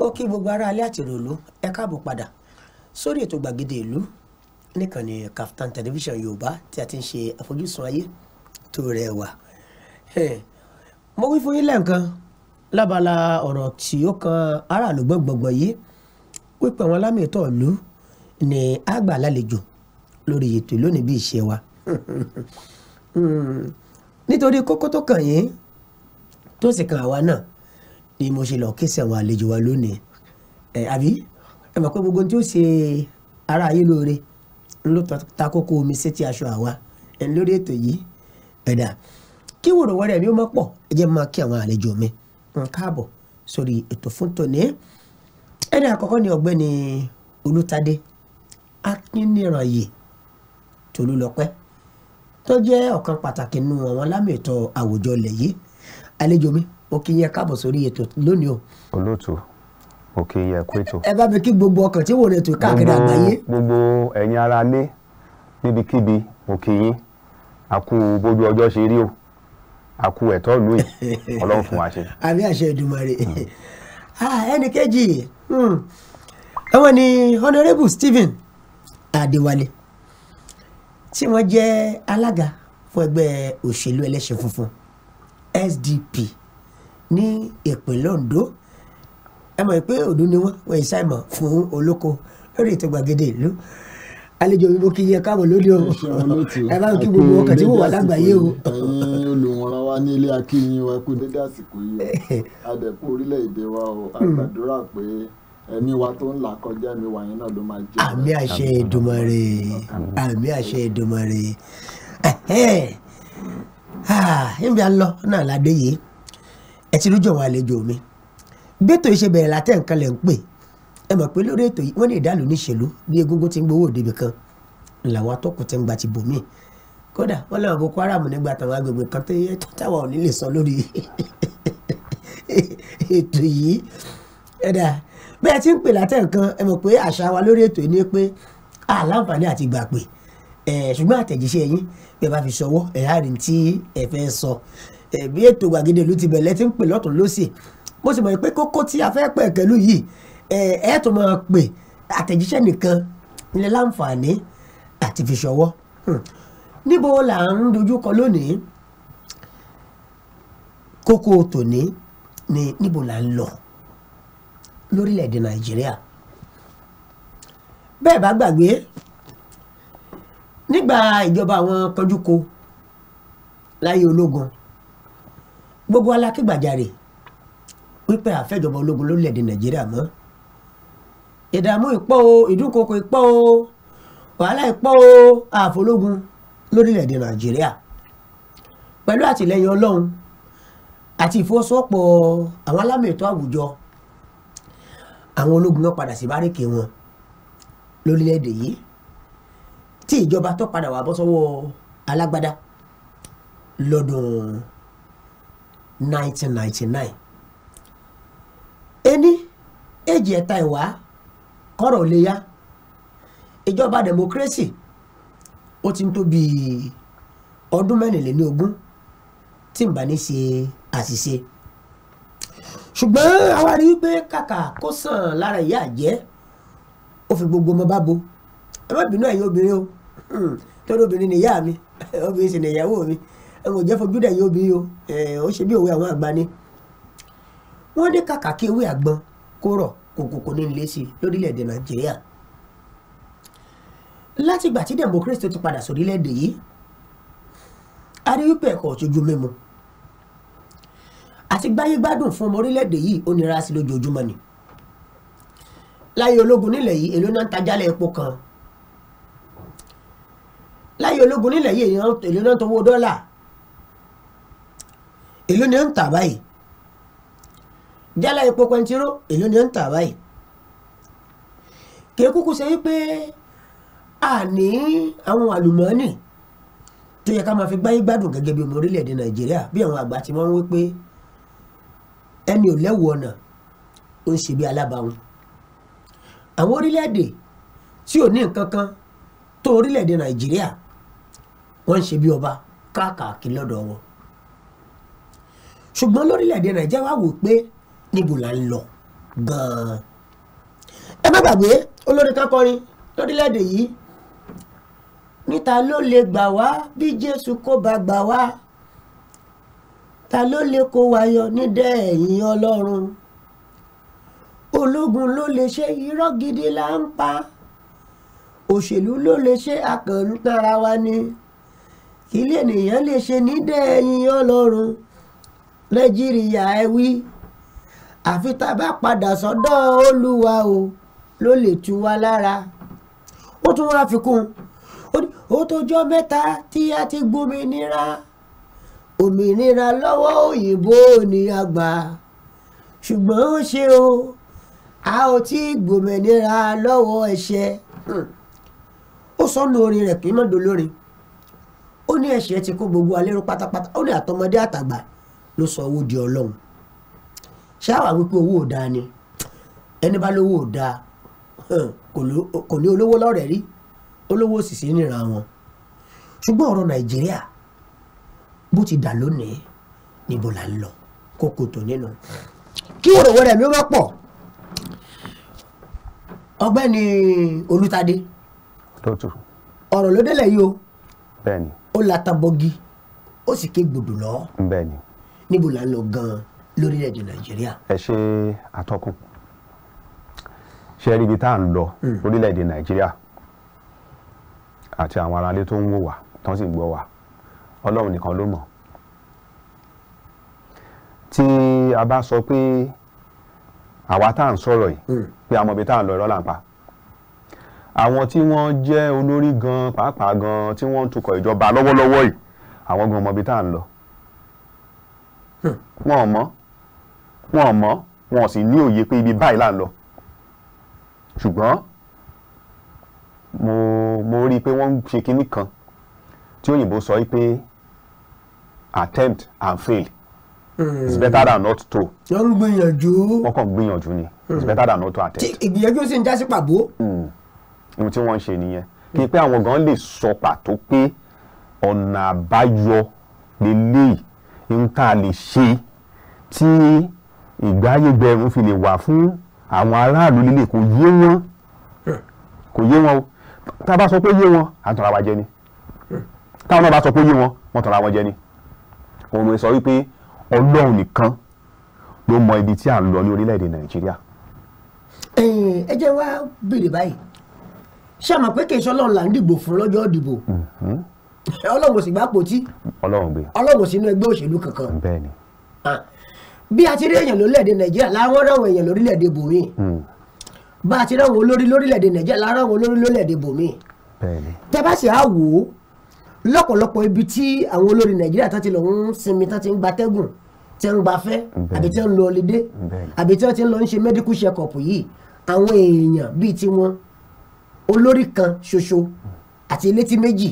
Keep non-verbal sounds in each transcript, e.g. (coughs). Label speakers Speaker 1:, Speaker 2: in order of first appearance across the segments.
Speaker 1: ó kí gbogbo ará alẹ́ àtìròlú ẹ káàbọ̀ padà sórí ètò gbàgede ìlú níkànnì Kaftan television yorùbá tí a ti ń ṣe àfojúsùn ayé tó rẹwà mo wí fún yín lẹ́ǹkan lábala ọ̀rọ̀ tí ó kan aráàlú gbọ̀ngbọ̀ngbọ̀n yìí wípé àwọn alámì ètò ìlú ni a gbà lálejò lórí ètò lónìí bí ìṣe wa (laughs) hmm, nítorí kókó tó kàn yín tó sì kan àwa náà ni mo ṣe lọ kése àwọn àlejò wa lónìí ẹ àbí ẹ mọ̀ pé gbogbo tí ó ṣe ara ayé lóore ló ta kókó omi sétí aṣọ àwa ẹ lórí ètò yìí ẹ̀dá kí wòrò wẹ́rẹ́ mi ó má pọ̀ ẹ jẹ́ máa kí àwọn àlejò mi ń káàbọ̀ sórí ètò fún tòní ẹni àkọ́kọ́ ni ọ̀gbẹ́ni Olútadé Akínníráyè Tolúlọpẹ́ tó jẹ́ ọ̀kan pàtàkì nínú àwọn lámì ètò àwùjọ ilẹ̀ àlejò mi mo kí yín káàbọ̀ sórí ètò lónìí o.
Speaker 2: olóòtú mo kí yín kú ètò. ẹ
Speaker 1: bá mi kí gbogbo ọkàn tí wò lè tò káàkiri àgbáyé.
Speaker 2: gbogbo ẹ̀yin ara lé níbikíbi mo kí yín a kú bójú ọjọ́ ṣe rí o a ẹ̀tọ́ ìlú
Speaker 1: yìí
Speaker 2: ọlọ́run fún wa ṣe.
Speaker 1: (laughs) àmì àṣẹ Èdùmàrè ah, ẹnì kejì ẹwọn hmm. ni honourable Stephen Adéwálé tí wọ́n jẹ́ alága fún ẹgbẹ́ òṣèlú ẹlẹ́sìn funfun SDP ní ìpínlẹ̀ Ondo ẹ mọ̀ pé òdú ni wọ́n wọ́n ìsáìmọ̀ fún olóko lórí ètò gbàgede ìlú àlejò mi mo kì í yẹ káàbọ̀ lónìí o ẹ bá ń kí gbogbo ọkàn tí wò wá lágbàáyé o.
Speaker 3: ẹ̀yin olùwòran wa ní ilé akínyìn wa kú dédé àsìkò yìí adẹ̀kú orílẹ̀-èdè wa o àgbàdúrà hmm. pé ẹ̀mí wa tó ń là kọjá mi wà yẹn náà ló máa jẹ́. àmì àṣẹ
Speaker 1: Èdùmàrè àmì àṣẹ Èdùmàrè ẹ̀hẹ́n níbi à ń lọ náà ládé yìí ẹ ti lójú àwọn àlejò mi gbẹ́tò ìṣe bẹ̀rẹ̀ látẹ̀ nǹkan lẹ̀ ń pè ẹ mọ̀ pé lórí ètò yìí wọ́n ní ìdálò níṣèlú bí egungun ti ń gbowó òdebì kan làwọn atọ́kùn ti ń gba ti bò míì kódà wọ́n lọ́wọ́ Boko Haram nígbà táwọn agbègbè kan tó yẹ táwa ò ní lè sọ lórí (laughs) ètò yìí ẹ̀dà bẹ́ẹ̀ ti ń pè látẹ̀ nǹkan ẹ mọ̀ pé àṣà wa lórí ètò yìí ni pé a láǹfààní àti gbà pé ṣùgbọ́n àtẹ̀jíṣẹ́ yín bí ẹ bá fi ṣọwọ́ ẹ̀ ẹ̀bí ètò gbàgede ìlú ti bẹ̀lẹ̀ ti ń pè lọ́tún lọ́sì mo sì mọ̀ pé kókó tí a fẹ́ pẹ̀ kẹlú yìí ẹ̀ tó máa pè àtẹ̀jíṣẹ́ nìkan ilẹ̀ láǹfààní àti fi ṣọwọ́ hmm. níbo là ń dojúkọ lónìí kókó tòní ni níbo là ń lọ lórílẹ̀‐èdè nàìjíríà bẹ́ẹ̀ bá gbàgbé nígbà ìjọba àwọn kọjúko láyé ológun gbogbo alákìgbàjarè wípé àfẹ́jọba ológun lórílẹ̀‐èdè nàìjíríà mọ́ ìdààmú ìpọ́ o ìdúnkokò ìpọ́ o wàhálà ìpọ́ o àfológun lórílẹ̀‐èdè nàìjíríà pẹ̀lú àtìlẹyìn ọlọ́run àti ìfọwọ́sowọ́pọ̀ àwọn alámẹ̀tọ́ àwùjọ àwọn ológun náà padà sí báríkì wọn lórílẹ̀‐èdè yìí tí ìjọba tó padà wà bọ́ sọ́wọ́ alágbádá lọ́dún 1999 ení èjì ẹ̀ta ìwá kọ́rọ̀ lè yá ìjọba democracy ó ti ń tó bí ọdún mẹ́rìnléní ogún tí n bá ní ṣe àṣìṣe ṣùgbọ́n àwa rí wípé kàkà kó sàn lára ìyá àjẹ́ ó fi gbogbo ọmọ bá bo ẹ má bínú ẹ̀yin obìnrin o hmm, torí obìnrin nìyá mi (laughs) obìnrin sì nìyàwó mi ẹ̀wọ̀n jẹ́ fojú dẹ̀ yóò bí o ó ṣe bí òwe àwọn àgbà ni. wọ́n ní kàkà kí ewé àgbọn kó rọ̀ kòkòkò ní ilé sí lórílẹ̀‐èdè nàìjíríà. látìgbà tí democracy ti padà sórílẹ̀‐èdè yìí a rí wípé ẹ̀kọ́ ọ̀túnjú mímu àti gbáyé gbádùn fún ọmọ orílẹ̀ yìí ó nira sí lójoojúmọ́ ni láyé ológun nílẹ̀ yìí èló náà ń tajálẹ̀ epo kan láyé ológun nílẹ̀ yìí èló náà ń towó dọ́là èló ni ó ń tà báyìí jálá epo pẹntiró èló ni ó ń tà báyìí kì í kúkú ṣe wípé a ní àwọn àlùmọ́ọ́nì tó yẹ ká máa fi gbáyé gbádùn gẹ́gẹ́ bí ọmọ orílẹ̀-èdè nàìjíríà bí àwọn àgbà ti máa ń wí pé ẹni ò lẹ́wù ọ̀nà ó ń ṣe bí alábàáwọn àwọn orílẹ̀-èdè tí ò ní nǹkan kan tó orílẹ̀-èdè nàìjíríà wọ́n ń ṣe bí ọba káàkiri lọ́dọ̀ wọn ṣùgbọ́n lórílẹ̀‐èdè nàìjíríà wá wò pé níbo là ń lọ gan-an. ẹ má gbàgbé olórin kan kọrin lórílẹ̀‐èdè yìí níta ló lè gbà wá bí jésù kò bá gbà wá ta ló lè kó wa yọ nídẹ̀ ẹ̀yìn ọlọ́run ológun ló lè ṣe irọ́ gidi là ń pa òṣèlú ló lè ṣe akàntara wa ni kí lè nìyẹn lè ṣe nídẹ̀ ẹ̀yìn ọlọ́run nàìjíríà ẹ wí àfi tá a bá padà sọ́dọ̀ olúwa o ló lè tu wa lára ó tún wá fi kún un ó tójọ́ mẹ́ta tí a ti gbòmìnira òmìnira lọ́wọ́ òyìnbó ni a gbà ṣùgbọ́n ó ṣe o a ò tí gbòmìnira lọ́wọ́ ẹ̀ṣẹ̀ hmm. ó sọnù orin rẹ̀ kì í mọ̀ dolórin ó ní ẹ̀ṣẹ̀ ti kó gbogbo alẹ́rú pátápátá ó ní àtọmọdé àtàgbà ló sọ owó di ọlọ́run ṣáà wípé owó ò dáa ni ẹni bá lówó ò dáa kò ní olówó lọ́rẹ̀ẹ́ rí olówó sì sí níra wọn ṣùgbọ́n ọ̀rọ̀ nàìjíríà bó ti dà lónìí níbo là ń lọ kókó tó nínú kí wòrèwòrè mi wọ́n pọ̀ ọgbẹ́ni olùtadé ọ̀rọ̀ ló délẹ̀ yìí o ó la tabọ́gi ó sì ké gbòdò lọ níbo là ń lọ gan-an lórílẹ̀‐èdè nàìjíríà.
Speaker 2: ẹ ṣe àtọkùn ṣe rí ibi tá à ń lọ hmm. lórílẹ̀‐èdè nàìjíríà àti àwọn aráalé tó ń wò wá tó ń sì gbọ́ wá ọlọ́run nìkan ló mọ̀ tí a bá sọ pé àwa tá à ń sọ̀rọ̀ yìí hmm. pé a ibi tá à ń lọ irọ́ ń pa àwọn tí wọ́n jẹ́ olórí gan pàápàá gan tí wọ́n ń tukọ̀ ìjọba lọ́wọ́lọ́wọ́ yìí àwọn gan mọ̀ ibi tá à ń lọ Hmm. wọn ò mọ̀ wọn ò mọ̀ wọn ò sì ní òye pé ibi báyìí là ń lọ ṣùgbọ́n mo mo rí i pé wọ́n ń ṣe kinní kan tí òyìnbó sọ pé attempt and fail
Speaker 4: it's hmm. better than not
Speaker 2: to. wọ́n ń gbìyànjú. wọ́n kàn gbìyànjú ni it's hmm. better than not to attempt.
Speaker 1: ìgbìyànjú sì ń já sí pàbó.
Speaker 2: ohun tí wọ́n ń ṣe nìyẹn kí pé àwọn gan lè sọ pàtó pé ọ̀nà àbáyọ lélẹ́yìí n ta lè ṣe tí ìgbáyégbẹrun fi lè wà fún àwọn aráàlú líle kò yé wọn kò yé wọn o tá a bá sọ pé yé wọn à ń tọ́ra wa jẹ ni táwọn náà bá sọ pé yé wọn wọ́n tọ́ra wọn jẹ ni òun ló sọ wípé ọlọ́run nìkan ló mọ ibi tí à ń lọ ní orílẹ̀-èdè nàìjíríà.
Speaker 1: ẹ jẹ́ wá béèrè báyìí ṣé àmọ̀ pé kì í ṣe ọlọ́run là ń dìbò fún lọ́jọ́ ìdìbò mm-hmm ọlọ́run kò sì gbá pòtí
Speaker 2: ọlọ́run
Speaker 1: kò sínú ẹgbẹ́ òṣèlú
Speaker 4: kankan
Speaker 1: ah, bí a ti rí èèyàn lórílẹ̀‐èdè nàìjíríà láwọn ráwọn èèyàn lórílẹ̀‐èdè bòmí hmm. bá a ti ráwọn olórí lórílẹ̀‐èdè nàìjíríà láwọn olórí lórílẹ̀‐èdè bòmí tẹ́ bá sì á wò ó lọ́pọ̀lọpọ̀ ibi tí àwọn olórí nàìjíríà tó ti lọ ń sinmi tó ti ń gbatẹ́gùn tẹ́ ń gbafẹ́ àbí tẹ́ ń lọ ọlídé àbí tẹ́ ti ń lọ ń ṣe medical check up yìí àwọn èèyàn bíi tiwọn olórí kan ṣoṣo àti elétí méjì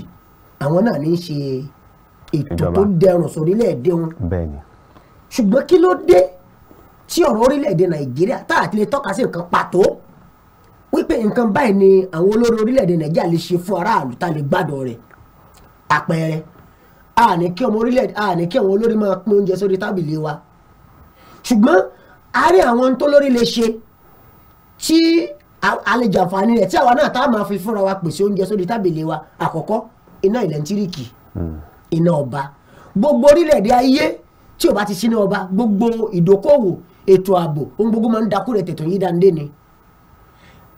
Speaker 1: àwọn náà ní í ṣe ètò tó dẹrùn sórílẹ̀-èdè wọn ṣùgbọ́n kí ló dé tí ọ̀rọ̀ orílẹ̀-èdè nàìjíríà tá àti lè tọ́ka sí nǹkan pàtó wípé nǹkan báyìí ni àwọn olórí orílẹ̀-èdè nàìjíríà lè ṣe fún aráàlú tá lè gbádùn rẹ̀ àpẹẹrẹ a ní kí ọmọ orílẹ̀-èdè a ní kí àwọn olórí máa pín oúnjẹ sórí tábìlì wa ṣùgbọ́n a rí àwọn tó lórí lè ṣe tí àlejò àǹfààní rẹ̀ tí àwa náà tá a máa fi fúnra wa pèsè oúnjẹ sórí tábìlì wa àkọ́kọ́ iná ẹ̀lẹ́ntíríkì hmm. iná ọba gbogbo orílẹ̀-èdè ayé tí o bá ti sínú ọba gbogbo ìdókòwò ètò ààbò ohun gbogbo máa ń dakú rẹ̀ tẹ̀tọ̀ yìí dáńdé ni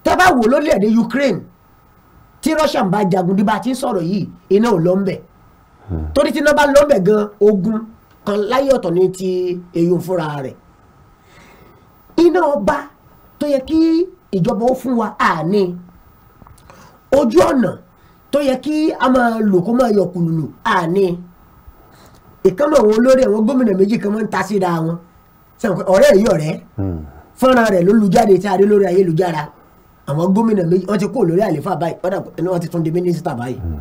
Speaker 1: tá wò lórílẹ̀-èdè Ukraine tí Russia ń bá jagun bí bá ti ń sọ̀rọ̀ yìí iná ò lọ ń bẹ̀ hmm. torí tí iná bá lọ ń bẹ̀ gan ogun kan láyé ọ̀tọ̀ ní ti eyín fúnra rẹ̀ iná ọba tó yẹ kí ìjọba ó fún wa àní ojú ọ̀nà tó yẹ kí a máa lò kó máa yọ kùlùlù àní ìkànnì àwọn olórí àwọn gómìnà méjì kan máa ń ta síra wọn ọ̀rẹ́ yìí ọ̀rẹ́ hmm. fọ́nrán rẹ̀ ló lu jáde tí a rí lórí ayélujára àwọn gómìnà méjì wọ́n ti kó lórí àléfà báyìí wọ́n ti tún di mínísítà báyìí hmm.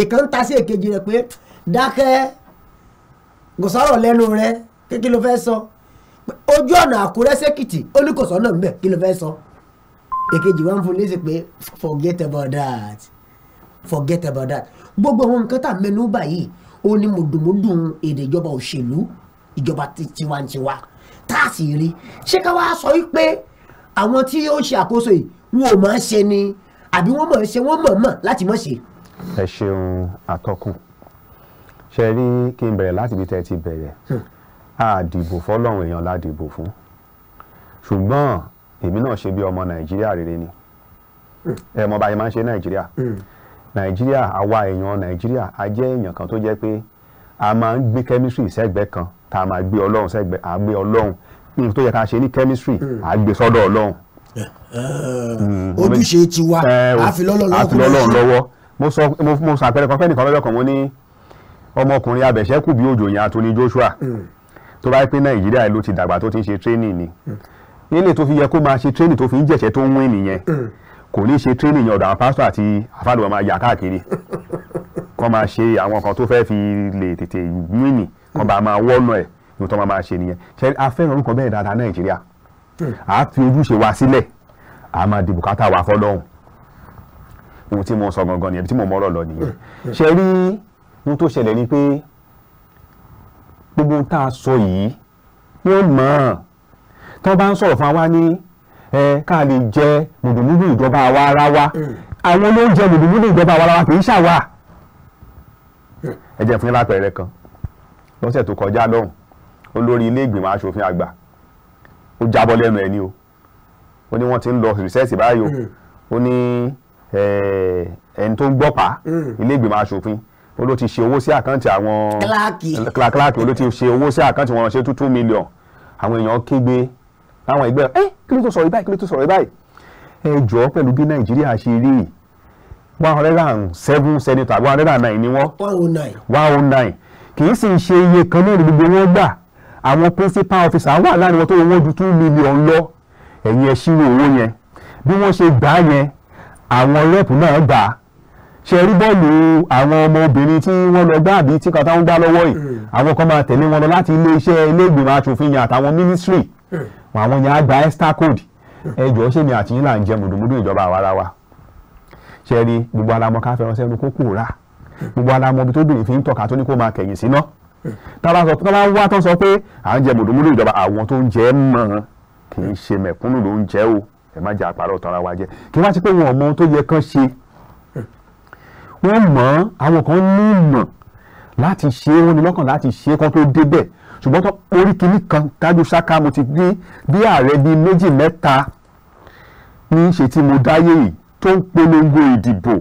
Speaker 1: ìkànnì ta sí èkejì rẹ̀ pé dákẹ́ gòsàrọ̀ lẹ́nu rẹ̀ kí ló fẹ́ sọ ojú ọ̀nà àkúrẹ́ sẹ́kìtì ó ní kò sọ́nà ńbẹ̀ kí ló fẹ́ sọ èkejì wa ń fún lésì pé forget about that forget about that gbogbo àwọn nǹkan tá a mẹ́nu báyìí ó ní mùdùmùdùn èdè ìjọba òṣèlú ìjọba tiwantiwa tá a sì rí ṣé ká wá sọ wípé àwọn tí ó ṣe àkóso yìí wọn ò máa ṣe ni àbí wọ́n mọ̀ ṣe wọ́n mọ̀ mọ̀ láti mọ̀ ṣe.
Speaker 2: ẹ ṣeun àtọkùn ṣe rí kí n bẹ̀rẹ̀ láti ibi tẹ́ ẹ ti bẹ̀rẹ̀ a dìbò fọlọ́run èèyàn la dìbò fún ṣùgbọ́n èmi náà ṣe bí ọmọ nàìjíríà rere ni ẹ mọ̀ bá yẹn máa ń ṣe nàìjíríà nàìjíríà àwa èèyàn nàìjíríà a jẹ́ èèyàn kan tó jẹ́ pé a máa ń gbé chemistry sẹ́gbẹ́ kan tá a máa gbé ọlọ́run sẹ́gbẹ́ à gbé ọlọ́run nǹkan tó yẹ ká ṣe ní chemistry à hmm. gbé sọ́dọ̀ ọlọ́run. Hmm.
Speaker 4: Hmm. ojúṣe tiwa àfilọ́lọ́run eh, lọ́wọ́
Speaker 2: mo sọ àpẹẹrẹ kan fẹ́nìkan lọ́jọ́ kan mo ní ọmọkùnrin abẹ̀ṣẹ́kù bí òjò yẹn àtúní Joshua tó bá yẹ pé nàìjíríà ló ti dàgbà tó ti ń ṣe training ni ilé tó fi yẹ kó máa ṣe training tó fi ń jẹ̀ṣẹ̀ tó ń win nìyẹn kò ní ṣe training ọ̀dọ̀ àwọn pásítọ̀ àti àfàlùwọ̀ máa yà káàkiri (laughs) kọ́ máa ṣe àwọn kan tó fẹ́ẹ́ fi lè tètè wíìnì kọ́ bá máa wọ́nà ẹ̀ ní tó máa ṣe nìyẹn ṣe afẹ́ràn orúkọ bẹ́ẹ̀ dáadáa nàìjíríà à fi ojúṣe wa sílẹ̀ à á máa di bùkátà wa fọ́lọ́hùn ohun tí mo sọ gangan nìyẹn tí mo mọ́rọ̀ lọ nìyẹn ṣe rí ohun tó ṣẹlẹ̀ ni pé gbogbo tá a sọ yìí wọ́n mọ̀ ọ́n tí wọ́n bá ń sọ̀rọ̀ fún wa ní ká lè jẹ mùdùmùdù ìjọba àwa ara wa àwọn ló ń jẹ mùdùmùdù ìjọba àwa ara wa kì í ṣàwà. ẹ jẹ́ fún yín lápẹẹrẹ kan lọ́sẹ̀ tó kọjá lọ́hùn olórí ilé ìgbìmọ̀ asòfin àgbà ó jábọ́ lẹ́nu ẹ̀ ni o ó ní wọ́n ti ń lọ rìsẹ́ẹ̀sì báyìí o ó ní ẹni tó ń gbọ́pá ilé ìgbìmọ̀ asòfin ó ti ṣe owó sí àkáǹtì àwọn kíláàkì ó ti ṣe owó sí àkáǹtì wọn ṣe two two million àwọn èèyàn kígbe àwọn ẹgbẹ́ ẹ eh, kí ló tó sọ̀rọ̀ báyìí kí ló tó sọ̀rọ̀ báyìí ẹ jọ pẹ̀lú bí nàìjíríà ṣe rí one hundred and seven senator one hundred and nine ni wọ́n one hundred nine one nine kì í sì ń ṣe iye kan náà ní gbogbo wọn gbà àwọn principal officer wà láàrin wọn tó wọ́n ju two million lọ ẹ̀yin ẹ̀ ṣírò owó yẹn bí wọ́n ṣe gbà yẹn àwọn rẹ́pù náà gbà á ṣe rí bọ́ọ̀lù àwọn ọmọbìnrin tí wọ́n lọ gbá àbí tí kàtà ń gbá lọ́wọ́ yìí hmm. àwọn kan máa tẹ̀lé wọn lọ láti iléeṣẹ́ ilé ìgbìmọ̀ asòfin yẹn àtàwọn mínísírì àwọn yẹn á gba extra code ẹ jọ̀ọ́ ṣé mi àti yín là ń jẹ mùdùmùdù ìjọba àwa ara wa ṣe rí gbogbo alamọ ká fẹ́ràn sẹ́nu kó kò rà gbogbo alamọ ibi tó bèrè fi ń tọ̀ka tó ní kó máa kẹ̀yìn sí náà tábà sọ tábà wá tó sọ pé à ń jẹ mùdùmùdù ìjọba àwọn tó ń jẹ mọ̀ kì í ṣe mẹ̀kúnnù ló ń jẹ o ẹ má jẹ àpárọ̀ tọ́ra wa jẹ kí wá sí pé wọn mọ ohun tó yẹ kán ṣe wọ́n mọ̀ àwọn kan ní ìmọ̀ láti ṣe é wọ́n lọ́kàn láti ṣe kán tó débẹ̀ ṣùgbọ́n tó orí kìíní kan tájú ṣáká mo ti gbé bí ààrẹ bíi méjì mẹ́ta ní ṣe tí mo dáyé yìí tó ń polongo ìdìbò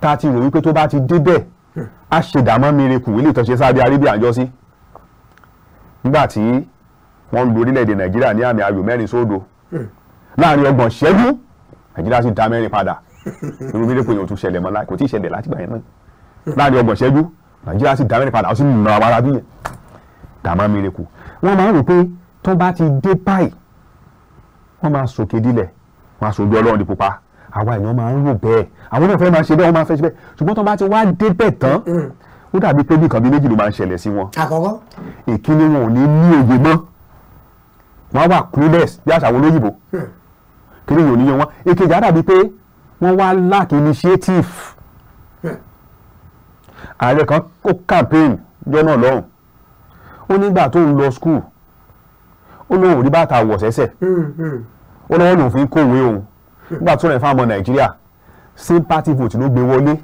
Speaker 2: tá a ti rò wípé tó bá ti débẹ̀ á ṣe dàmọ́ mireku ilé ìtọ́ṣe Saudi Arabia àjọ sí nígbà tí wọ́n lu orílẹ̀-èdè Nàìjíríà ní àmì ayò mẹ́rin sódo láàrin ọgbọ̀n ṣẹ́jú Nàìjíríà sì dá mẹ́rin padà irú mireku yẹn ò tún ṣẹlẹ̀ mọ́ kò tí ì ṣẹlẹ̀ látìgbà yẹn náà láàrin ọgbọ̀n ṣẹ́jú Nàìjíríà sì dá mẹ́rin padà ó sì nà wàrà bí yẹn dàmá miracle wọ́n máa ń rò pé tó bá ti dé báyìí wọ́n máa sòkè dilẹ̀ wọ́n á sojú ọlọ́run di pupa àwa èèyàn máa ń rò bẹ́ẹ̀ àwọn náà fẹ́ máa ṣe bẹ́ẹ̀ wọ́n máa fẹ́ ṣe bẹ́ẹ̀ ṣùgbọ́n tó bá ti wá dé bẹ́ẹ̀ tán mm. ó dàbí pé bí nǹkan bí méjì ló máa ń ṣẹlẹ̀ sí wọn. àkọ́kọ́. ìkíni wọn ò ní ní òye mọ́ wọ́n wà clueless bí àṣà àwọn olóyìnbó hmm. kí ni yóò níyẹn wọn èkejì á dàbí pé wọ́n wá lack initiative hmm. ààrẹ kan kó campaign jọ náà lọ́hùn ó nígbà tó ń lọ skul ó lóun ò rí bàtà wọ̀ sẹ́sẹ̀ hmm, hmm. ó lọ́wọ́ lòun fi ń kówé òun hmm. nígbà tó rẹ̀ fún àmọ́ nàìjíríà sympathy vote ló gbé wọlé.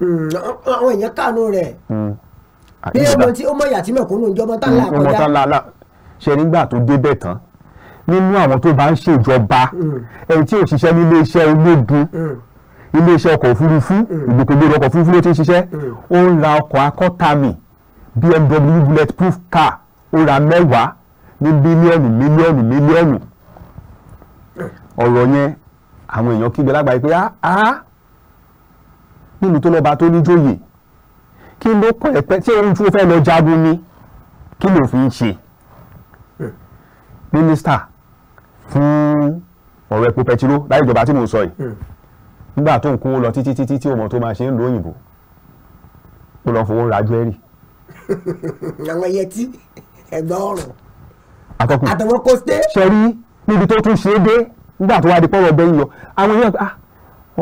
Speaker 1: àwọn èèyàn kànú rẹ̀ bí ọmọ tí ó mọ ìyá tí mẹ̀kúnnù ìjọba tá là kọjá.
Speaker 2: ṣe nígbà tó débẹ̀ tán nínú àwọn tó bá ń ṣèjọba ẹni tí ò ṣiṣẹ́ nílé iṣẹ́ ológun ilé ọkọ̀ òfurufú ìgbòkègbodò ọkọ̀ òfurufú ló ti ń ṣiṣẹ́ ó ń ra ọkọ̀ akọ́tàmì BMW bulletproof car ó ra mẹ́wàá ní bílíọ̀nù mílíọ̀nù mílíọ̀nù ọ̀rọ̀ yẹn àwọn èèyàn kígbe lágbàáyé pé áá nínú tó lọ́ba tó níjòyè kí ló kọ́ ẹ̀pẹ́ tí ohun tí fẹ́ lọ jagun ni kí ló fi ń ṣe mínísítà fún ọ̀rọ̀ epo pẹtiró láyé ìjọba tí mò ń sọ yìí nígbà tó ń kó lọ títí títí tí òmò tó máa ṣe ń lo ó lọ fowó ra jẹ́rìí
Speaker 1: àwọn yẹtí ẹ̀gbà ọrùn àtọwọ́ kọ́sté. sẹ́rí níbi tó tún ṣe é dé nígbà tó wá di pọ́wọ́ bẹ́ẹ̀ yọ àwọn èèyàn ah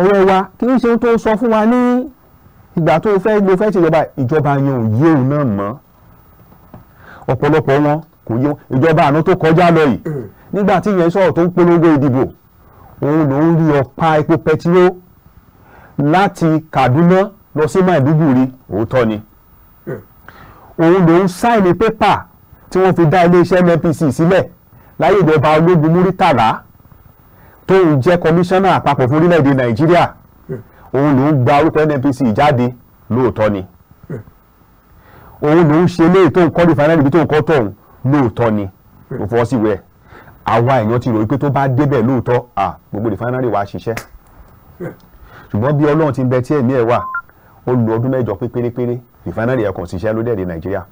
Speaker 1: ọ̀rọ̀ wa kì í ṣe tó sọ
Speaker 2: fún wa ní ìgbà tó fẹ́ ló fẹ́ ṣèjọba ìjọba yẹn ò yé òun náà mọ́ ọ̀pọ̀lọpọ̀ wọn kò yé ìjọba àná tó kọjá lọ yìí hmm. nígbà tí ìyẹn sọ̀rọ̀ tó ń polongo ìdìbò òun lòún rí ọ̀pá epo pẹtiró láti Kaduna lọ sí Maiduguri òótọ́ ni òun lòún sáìnì pépà tí wọ́n fi dá iléeṣẹ́ NNPC sílẹ̀ láyé ìjọba ológun Muritala tóun jẹ́ kọmíṣánná àpapọ̀ fún orílẹ̀-èdè Nàìjíríà òun lòún gba orúkọ NNPC jáde lóòótọ́ ni òun lòún ṣe léyìí tóun kọ́ ní fanáàlì ibi tóun kọ́ tóun lóòótọ́ ni kò fọwọ́ sí wẹ̀ àwa èèyàn ti rò wípé tó bá débẹ̀ lóòótọ́ à gbogbo rìfánárì wa ṣiṣẹ́ ṣùgbọ́n bí Ọlọ́run ti ń bẹ tí ẹ̀mí ẹ̀ wà ó lu ọdún mẹ́jọ pé pérépéré refinery ẹ̀kan ṣiṣẹ́ ló dẹ̀dẹ̀ nàìjíríà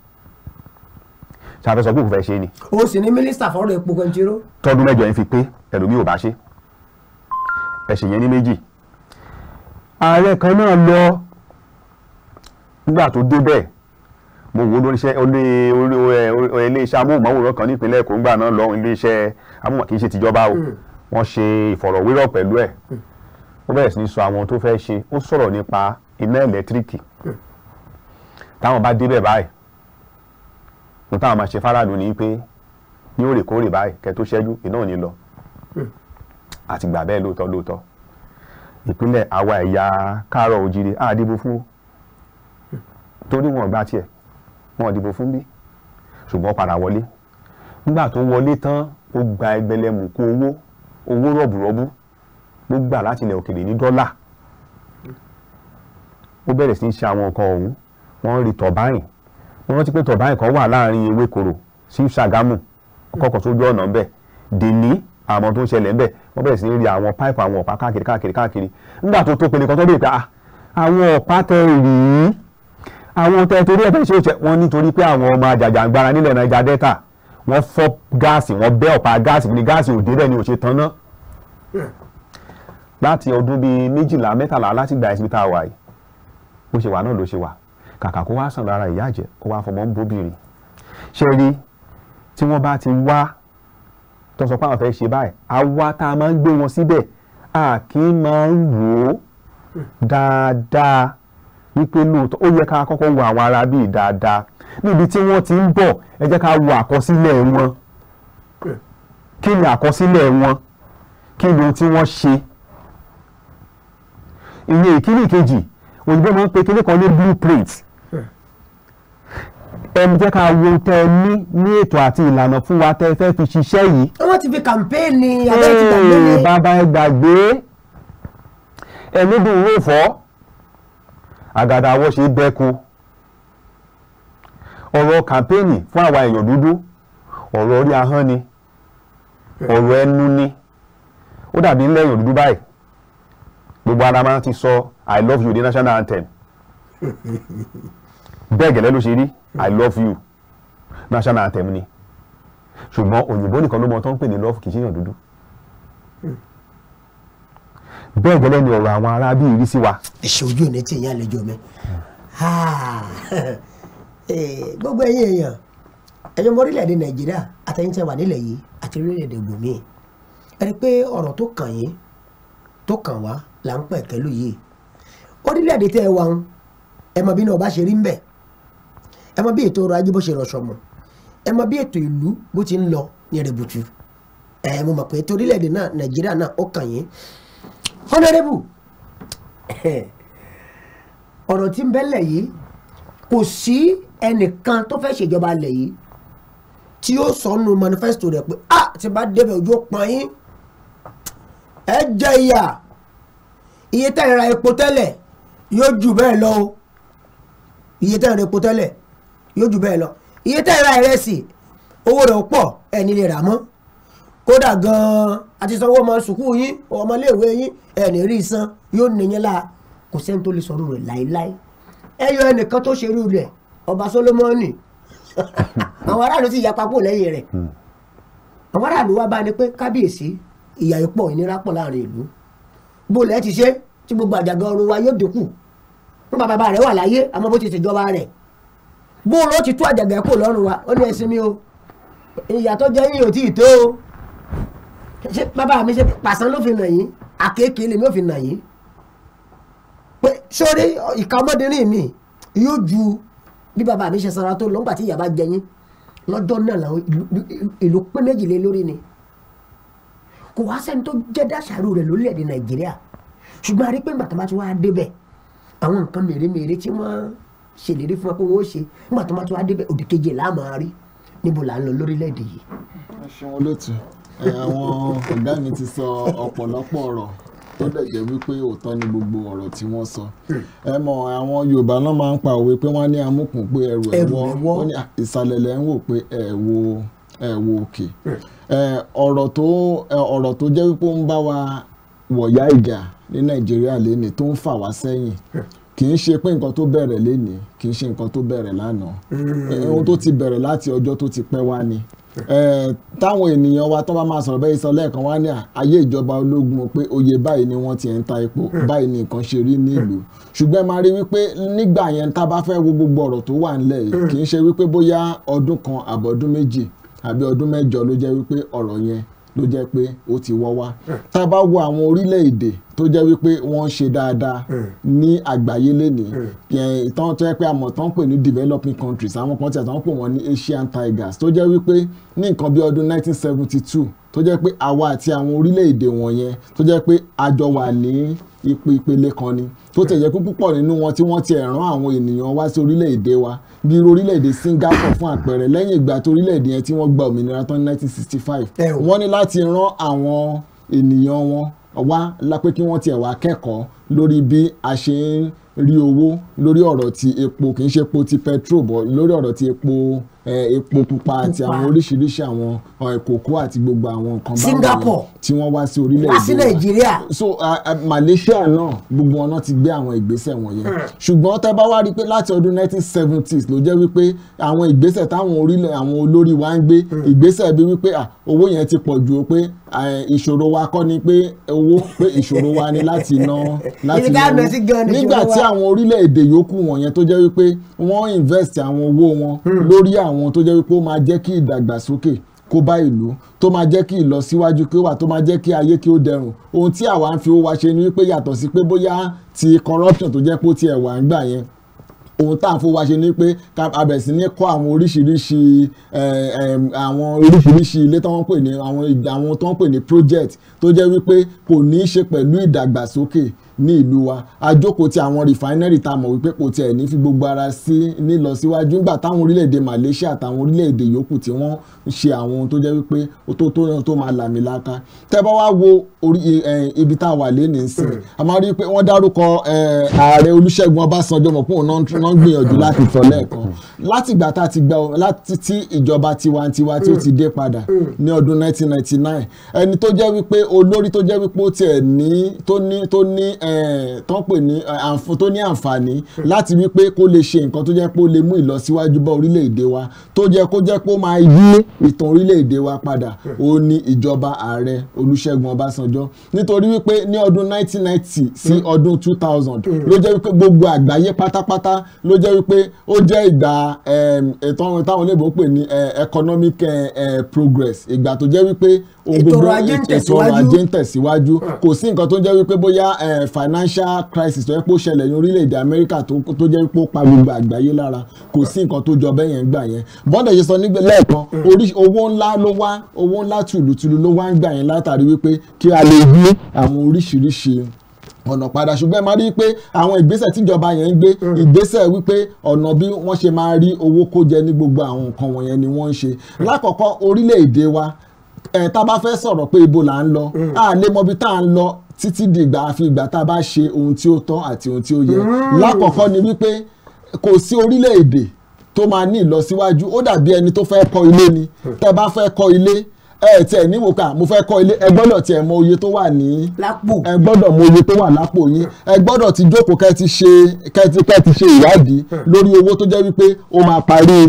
Speaker 2: ṣàfẹ́ sọ pé òun fẹ́ ṣe ni.
Speaker 1: o sì ní mínísítà fọ́rọ̀ epo kẹntìró.
Speaker 2: tọdún mẹ́jọ yẹn fi pé ẹlòmíì ò bá ṣe ẹ̀ṣẹ̀ yẹn ní méjì ààrẹ kan náà lọ nígbà tó débẹ̀ mo wo lóríṣẹ́ iléeṣẹ́ amóhùnmáwòrán kan nípínlẹ̀ Èkó ńgbà náà lọ iléeṣẹ́ amóhùnmáwòrán kì í ṣe tìjọba o hmm. wọ́n ṣe ìfọ̀rọ̀wérọ̀ pẹ̀lú ẹ̀ hmm. ó bẹ̀rẹ̀ sí ní sọ àwọn tó fẹ́ ṣe ó sọ̀rọ̀ nípa iná ẹ̀lẹ́tíríkì táwọn bá débẹ̀ báyìí ní táwọn máa ṣe fáráàlú ni pé ní òrèkóòrè báyìí kẹ́ tó ṣẹ́jú iná ò ní lọ àti gbà bẹ́ẹ̀ lóòótọ́ lóòótọ́ ìpínlẹ̀ àwa ẹ̀yà káàárọ̀ òjìrè á dìbò fún o torí wọn gba tiẹ̀ wọn dìbò fún bí ṣùgbọ́n padà wọlé nígbà tó wọlé tán ó gba ẹgbẹ̀lẹ́mùkú owó owó rọ̀bùrọ̀bù ló gbà láti ilẹ̀ òkèèrè ní dọ́là ó bẹ̀rẹ̀ sí í ṣe àwọn nǹkan ọ̀hún wọ́n rí tọ̀báyìn wọ́n rántí pé tọ̀báyìn kan wà láàrin ewékoro sí ṣàgámù ọkọ̀ọ̀kan sójú ọ̀nà ń dèní àmọ́ tó ń ṣẹlẹ̀ bẹ̀ wọ́n bẹ̀rẹ̀ sí rí àwọn páìpù àwọn ọ̀pá káàkiri káàkiri káàkiri nígbà tó tó pele kan tó dé ah, àwọn ọ̀pá tẹ àwọn tẹ torí ẹ̀fẹ̀ ṣe òṣè wọn nítorí pé àwọn ọmọ a wà yìí ṣe wà náà ló ṣe kàkà kó wá sàn lára ìyá àjẹ kó wá fọmọ ń bóbìrì ṣe rí tí wọ́n bá ti wá tó sọ pé àwọn fẹ́ ṣe báyìí àwa tá a máa ń gbé wọn síbẹ̀ a kì í máa ń wò ó dáadáa wípé lóòótọ́ ó yẹ ká kọ́kọ́ wo àwọn ará bíi dáadáa níbi tí wọ́n ti ń bọ̀ ẹ jẹ́ ká wo àkọsílẹ̀ wọn kí ni àkọsílẹ̀ wọn kí ni ohun tí wọ́n ṣe ìyẹn ìkíni ìkejì òyìnbó máa ń pe kíní kan ní blueprint ẹ jẹ́ ká wo tẹ ẹ ní ní ètò àti ìlànà fún wa tẹ ẹ fẹ́ fi ṣiṣẹ́ yìí.
Speaker 1: wọ́n ti fi kàmpéènì
Speaker 2: abẹ́rẹ́ ti gbàgbé ni. bàbá ẹ gbàgbé ẹni dùn ún fọ́ àgàdà àwọ̀ ṣe bẹ́ẹ̀kú ọ̀rọ̀ kàmpéènì fún àwa èèyàn dúdú ọ̀rọ̀ orí ahọ́n ni ọ̀rọ̀ ẹnu ni ó dàbí ilẹ̀ èèyàn dúdú báyìí gbogbo ara máa ti sọ I love you the national anthem (laughs) bẹ́ẹ̀ gẹ́lẹ́ ló ṣe rí i love you national anthem ni ṣùgbọ́n òyìnbó nìkan ló mọ tó ń pè ní love kì í ṣèyàn dúdú
Speaker 1: bẹ́ẹ̀ gẹ́lẹ́ ni ọ̀rọ̀ àwọn ará bí ìrísí wa. ẹ̀ṣẹ̀ ojú ò ní tí ìyá àlejò mi gbogbo ẹ̀yin èèyàn ẹ̀yin ọmọ orílẹ̀-èdè nàìjíríà àtẹ̀yin tẹ́ wà nílẹ̀ yìí àti orílẹ̀-èdè gbòmí ẹ rí i pé ọ̀rọ̀ tó kàn yín tó kàn wá là ń pẹ̀ kẹ́lú yìí orílẹ̀-èdè tẹ́ ẹ wà ń ẹ mọ bí náà ọba ṣe rí ń bẹ̀ ẹ mọ bí ètò ọrọ̀ ajé bó ṣe rọ̀ṣọ̀ mọ́ ẹ mọ bí ètò ìlú bó ti ń lọ ní rẹ̀bùtù ẹ mo mọ̀ pé torílẹ̀-èdè náà nàìjíríà náà ó kàn yín honorable ọ̀rọ̀ tí ń bẹ́lẹ̀ yìí kò sí ẹnìkan tó fẹ́ ṣèjọba alẹ̀ yìí tí ó sọ nù manifesto rẹ̀ pé a ti bá débẹ̀ ojú ó pọn yín ẹ jẹ ìyà iye tẹ́ ẹ ra epo tẹ́lẹ̀ yóò jù bẹ́ẹ̀ lọ iye tẹ́ ẹ ra epo tẹ́lẹ̀ yóò jù bẹ́ẹ̀ lọ iye tẹ́ ẹ ra ìrẹsì owó rẹ̀ pọ̀ ẹ̀ ní lè rà mọ́ kódà gan-an àti sanwó ọmọ sùkúù yín ọmọléèwé yín ẹ̀ ní rí san yóò nìyẹn la kò sẹ́ni tó lè sọ̀rọ̀ rẹ̀ láéláé ẹ yọ ẹnìkan tó ṣerú rẹ̀ ọba Solomoni (laughs) àwọn aráàlú ti yapa pò lẹ́yìn rẹ̀ hmm. àwọn aráàlú wa bá ní pé kábíyèsí ìyà ìpọ̀ ìnira pọ̀ láàrin ìlú bólẹ̀ ti ṣe tí gbogbo àjàgà ọrùn wa yóò dínkù fún bàbá rẹ̀ wà láyé àmọ́ bó ti ṣèjọba rẹ̀ bó ló ti tú àjàgà kò lọ́rùn wa ó ní ẹ̀sìn mi o ìyàtọ̀ jẹ́ yín ò tí ì tó o ṣé bàbá mi ṣe pàṣán ló fi nà yín àkéèké lèmi ò fi nà yín pé sórí ìka ọmọdérin mi yóò ju bí bàbá mi ṣe sanra tó lọ́ngbà tí ìyá bá jẹ yín lọ́jọ́ náà làwọn ìlú pé méjìlél lórí ni kò wá sẹ́ni tó jẹ́ dáṣàrú rẹ̀ lórílẹ̀‐èdè nàìjíríà ṣùgbọ́n a rí pé bàtà bá ti wá débẹ̀ àwọn nǹkan mèremère tí wọ́n ṣèlérí fún wọn pé wọn ó ṣe nígbà tó má tún wá débẹ̀ òdì kejì láàmú àárí níbo là ń lọ lórílẹ̀‐èdè yìí. ẹ ṣeun
Speaker 3: olóòtú àwọn ọ̀gá mi ti sọ ọ̀pọ̀lọpọ̀ ọ̀rọ̀ tó dẹ̀ jẹ́ wípé òótọ́ ni gbogbo ọ̀rọ̀ tí wọ́n sọ. ẹ mọ àwọn Yorùbá náà máa ń pa òwe pé wọ́n á ní amúkùn pé ẹrù ẹ̀wọ́ ó ní ìsàlẹ̀ ń wò pé ẹ̀ wo òkè. ọ̀rọ̀ tó ọ̀rọ̀ wípé ó ń bá wa wọ̀yá ìjà ní Nàìjíríà lẹ́ni tó ń fà wá sẹ́yìn kì í ṣe pé nǹkan tó bẹ̀rẹ̀ lénìí kì í ṣe nǹkan tó bẹ̀rẹ̀ lánàá
Speaker 4: hmm. ohun tó
Speaker 3: ti bẹ̀rẹ̀ láti ọjọ́ tó ti pẹ́ wá ni táwọn ènìyàn wa tó bá máa sọ̀rọ̀ bẹ́ẹ̀ sọ lẹ́ẹ̀kan wá ní ayé ìjọba ológun pé oyè báyìí ni wọ́n ti ń ta epo hmm. báyìí ni nǹkan ṣe rí nílùú ṣùgbọ́n máa rí wípé nígbà yẹn tá a bá fẹ́ wo gbogbo ọ̀rọ̀ tó wà nílẹ̀ yìí hmm. kì í ṣe wípé bóyá ọdún kan àbọ̀dún méjì àbí ọdún mẹ́jọ ló jẹ́ wípé ọ̀rọ̀ yẹn ló jẹ́ pé ó ti wọ́ wá tá a bá wo àwọn orílẹ̀-èdè tó jẹ́ wípé wọ́n ń ṣe dáadáa ní àgbáyé lénìí ìtàn tó jẹ́ pé àmọ̀ pè ní developing countries àwọn kan tí àtàwọn pè wọ́n ní Asian Tigers tó jẹ́ wípé ní nǹkan bí ọdún 1972 tó jẹ́ pé àwa àti àwọn orílẹ̀-èdè wọ̀nyẹn tó jẹ́ pé àjọ wà ní ipò ìpele kan ni tó tẹ̀ jẹ́ pé púpọ̀ nínú wọn tí wọ́n ti rán àwọn ènìyàn wá sí orílẹ̀-èdè wa bí orílẹ̀-èdè Singapore fún àpẹẹrẹ lẹ́yìn ìgbà tó orílẹ̀-èdè yẹn tí wọ́n gba òmìnira tán ní 1965 wọ́n ní láti rán àwọn ènìyàn wọn wá lápé kí wọ́n tiẹ̀ wá kẹ́kọ̀ọ́ lórí bí a ṣe ń rí owó lórí ọ̀rọ̀ ti epo kì í ṣe epo ti petrol bọ̀ lórí ọ̀rọ̀ ti epo epo pupa àti àwọn oríṣiríṣi àwọn kòkó àti gbogbo àwọn nǹkan báwọn Singapore tí wọ́n wá sí orílẹ̀-èdè wa Nàìjíríà so Malaysia náà gbogbo ọ̀nà ti gbé àwọn ìgbésẹ̀ wọ̀nyẹn hmm. ṣùgbọ́n tẹ́ bá wá rí i pé láti ọdún 1970s ló jẹ́ wípé àwọn ìgbésẹ̀ táwọn orílẹ̀ àwọn olórí wa ń gbé hmm. ìgbésẹ̀ bí wípé owó yẹn ti pọ̀ ju o pé ìṣòro wa kọ́ ni pé owó pé ìṣòro wa ni láti ná láti ná nígbà tí àwọn orílẹ̀-èdè yòókù wọ̀nyẹn tó jẹ́ wípé wọ́n invest àwọn owó wọn hmm. lórí àwọn àwọn tó jẹ́ wípé ó máa jẹ́ kí ìdàgbàsókè kó bá ìlú tó máa jẹ́ kí ìlọsíwájú kí ó wà tó máa jẹ́ kí ayé kí ó dẹrùn ohun tí àwa ń fi ó wa ṣe ni wípé yàtọ̀ sí pé bóyá ti corruption tó jẹ́ pé ó ti ẹ̀wà ń gbà yẹn ohun tá à ń fowó ṣe ni pé abẹ̀ sí ní kọ́ àwọn oríṣiríṣi àwọn oríṣiríṣi ilé tó ń pè ní àwọn tó ń pè ní project tó jẹ́ wípé kò ní í ṣe pẹ̀lú ìdàgbàsókè ní ìlú wa àjókòó ti àwọn rìfáínẹ́rì tá a mọ̀ wípé kò tiẹ̀ ní fi gbogbo ara sí nílọ síwájú nígbà táwọn orílẹ̀-èdè Malaysia àtàwọn orílẹ̀-èdè yòókù tí wọ́n ń ṣe àwọn ohun tó jẹ́ wípé tó tó náà tó máa làmìlaka tẹ́ bá wá wo ibi tá a wà léni nsìn a máa rí i pé wọ́n dárúkọ ààrẹ Olúṣẹ́gun Ọbásanjọ́ mọ̀ fún òun náà gbìyànjú láti sọ lẹ́ẹ̀kan látìgbà tá a ti gbà 1999 ẹni tó jẹ́ wípé olórí tó jẹ́ wípé ó tiẹ̀ ní Eh, tó ń pè ní eh, tó ní àǹfààní láti wípé kó lè ṣe nǹkan tó jẹ́ pé ó lè mú ìlọsíwájú bá orílẹ̀-èdè wa tó jẹ́ kó jẹ́ pé ó máa yí ìtàn orílẹ̀-èdè wa padà ó ní ìjọba ààrẹ Olúṣẹ́gun Ọbásanjọ́ nítorí wípé ní ọdún 1990 sí ọdún 2000 ló jẹ́ wípé gbogbo àgbáyé pátápátá ló jẹ́ wípé ó jẹ́ ìgbà ètò ehm, ọ̀run táwọn olóyìnbó pè ní eh, economic progress ìgbà tó jẹ́ wípé ohun gbogbo ètò ọrọ̀ ajé ń tẹ̀síwájú kò sí nǹkan tó ń jẹ́ wípé bóyá financial crisis tó yẹ pé ó ṣẹlẹ̀ ní orílẹ̀-èdè Amẹ́ríkà tó jẹ́ pé ó pa gbogbo àgbáyé lára kò sí nǹkan tó jọ bẹ́yẹn gbà yẹn bọ́dẹ̀ ṣe sọ nígbà lẹ́ẹ̀kan owó ńlá ló wá owó ńlá tùlùtùlù ló wá ń gbà yẹn látàrí wípé kí a lè yí àwọn oríṣiríṣi ọ̀nà padà ṣùgbọ́n ẹ máa rí i pé àwọn ìgbésẹ̀ tíjọba yẹn ń gbé ìgbésẹ̀ wípé ọ̀nà bí wọ́n ṣe máa rí owó kó jẹ ní gbogbo àwọn nǹkan wọ̀nyẹn ni wọ́n ń ṣe lákọ̀ọ́kọ́ orílẹ̀-èdè wa ẹ̀ tá a bá fẹ́ sọ̀rọ̀ pé ibo là ń lọ a lè tá à ń lọ títí dìgbà àfi ìgbà tá a bá ṣe ohun tí ó tọ́ àti ohun tí ó yẹ mm. lákọ̀ọ́kọ́ ni wípé kò sí orílẹ̀-èdè tó máa ní ìlọsíwájú ó dàbí ẹni tó fẹ́ kọ́ ilé ni hmm. tẹ́ bá fẹ́ kọ́ ilé ẹ tiẹ̀ níwò ká mo fẹ́ kọ́ ilé ẹ gbọ́dọ̀ tiẹ̀ mọ oye tó wà ní. lápò ẹ gbọ́dọ̀ mọ oye tó wà lápò yín ẹ gbọ́dọ̀ ti jókòó kẹ́ ti ṣe kẹ́ ti kẹ́ ti ṣe ìwádìí lórí owó tó jẹ́ wípé ó máa parí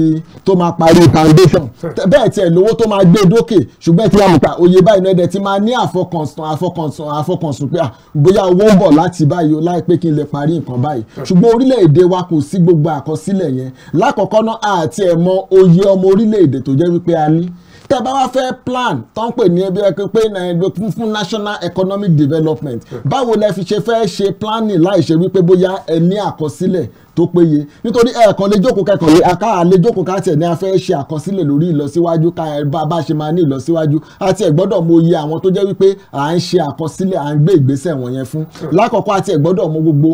Speaker 3: tó máa parí foundation bẹ́ẹ̀ tiẹ̀ lówó tó máa gbé dókè ṣùgbọ́n ti àmùkà oye báyìí náà ẹ̀dẹ̀ ti máa ní àfọkànsùn àfọkànsùn àfọkànsùn pé bóyá owó ń bọ̀ láti báyìí o láìpẹ́ kí n lè parí nǹkan báyìí ṣùgbọ́n orílẹ̀-èdè wa kò sí gbogbo àkọsílẹ̀ yẹn lákọ̀ọ́kọ́ náà àti ẹ̀ mọ oye ọmọ orílẹ̀-èdè tó jẹ́ wípé a ní tẹ́ bá wá fẹ́ plan tó ń pè ní ẹbí ẹ pé eh, fún national economic development báwo lẹ fi ṣe fẹ́ ṣe planning láì ṣe wípé bóyá ẹ ní àkọsílẹ̀ tó péye nítorí ẹ̀ẹ̀kan lè jókòó kẹkọ̀ọ́ lé aká lè jókòó ká tiẹ̀ ní a fẹ́ ṣe àkọsílẹ̀ lórí ìlọsíwájú ká ẹ bá bá ṣe máa ní ìlọsíwájú àti ẹ̀ gbọ́dọ̀ mọ iye àwọn tó jẹ́ wípé à ń ṣe àkọsílẹ̀ à ń gbé ìgbésẹ̀ wọ̀nyẹn fún lákọ̀ọ́kọ́ àti ẹ̀ gbọ́dọ̀ mọ gbogbo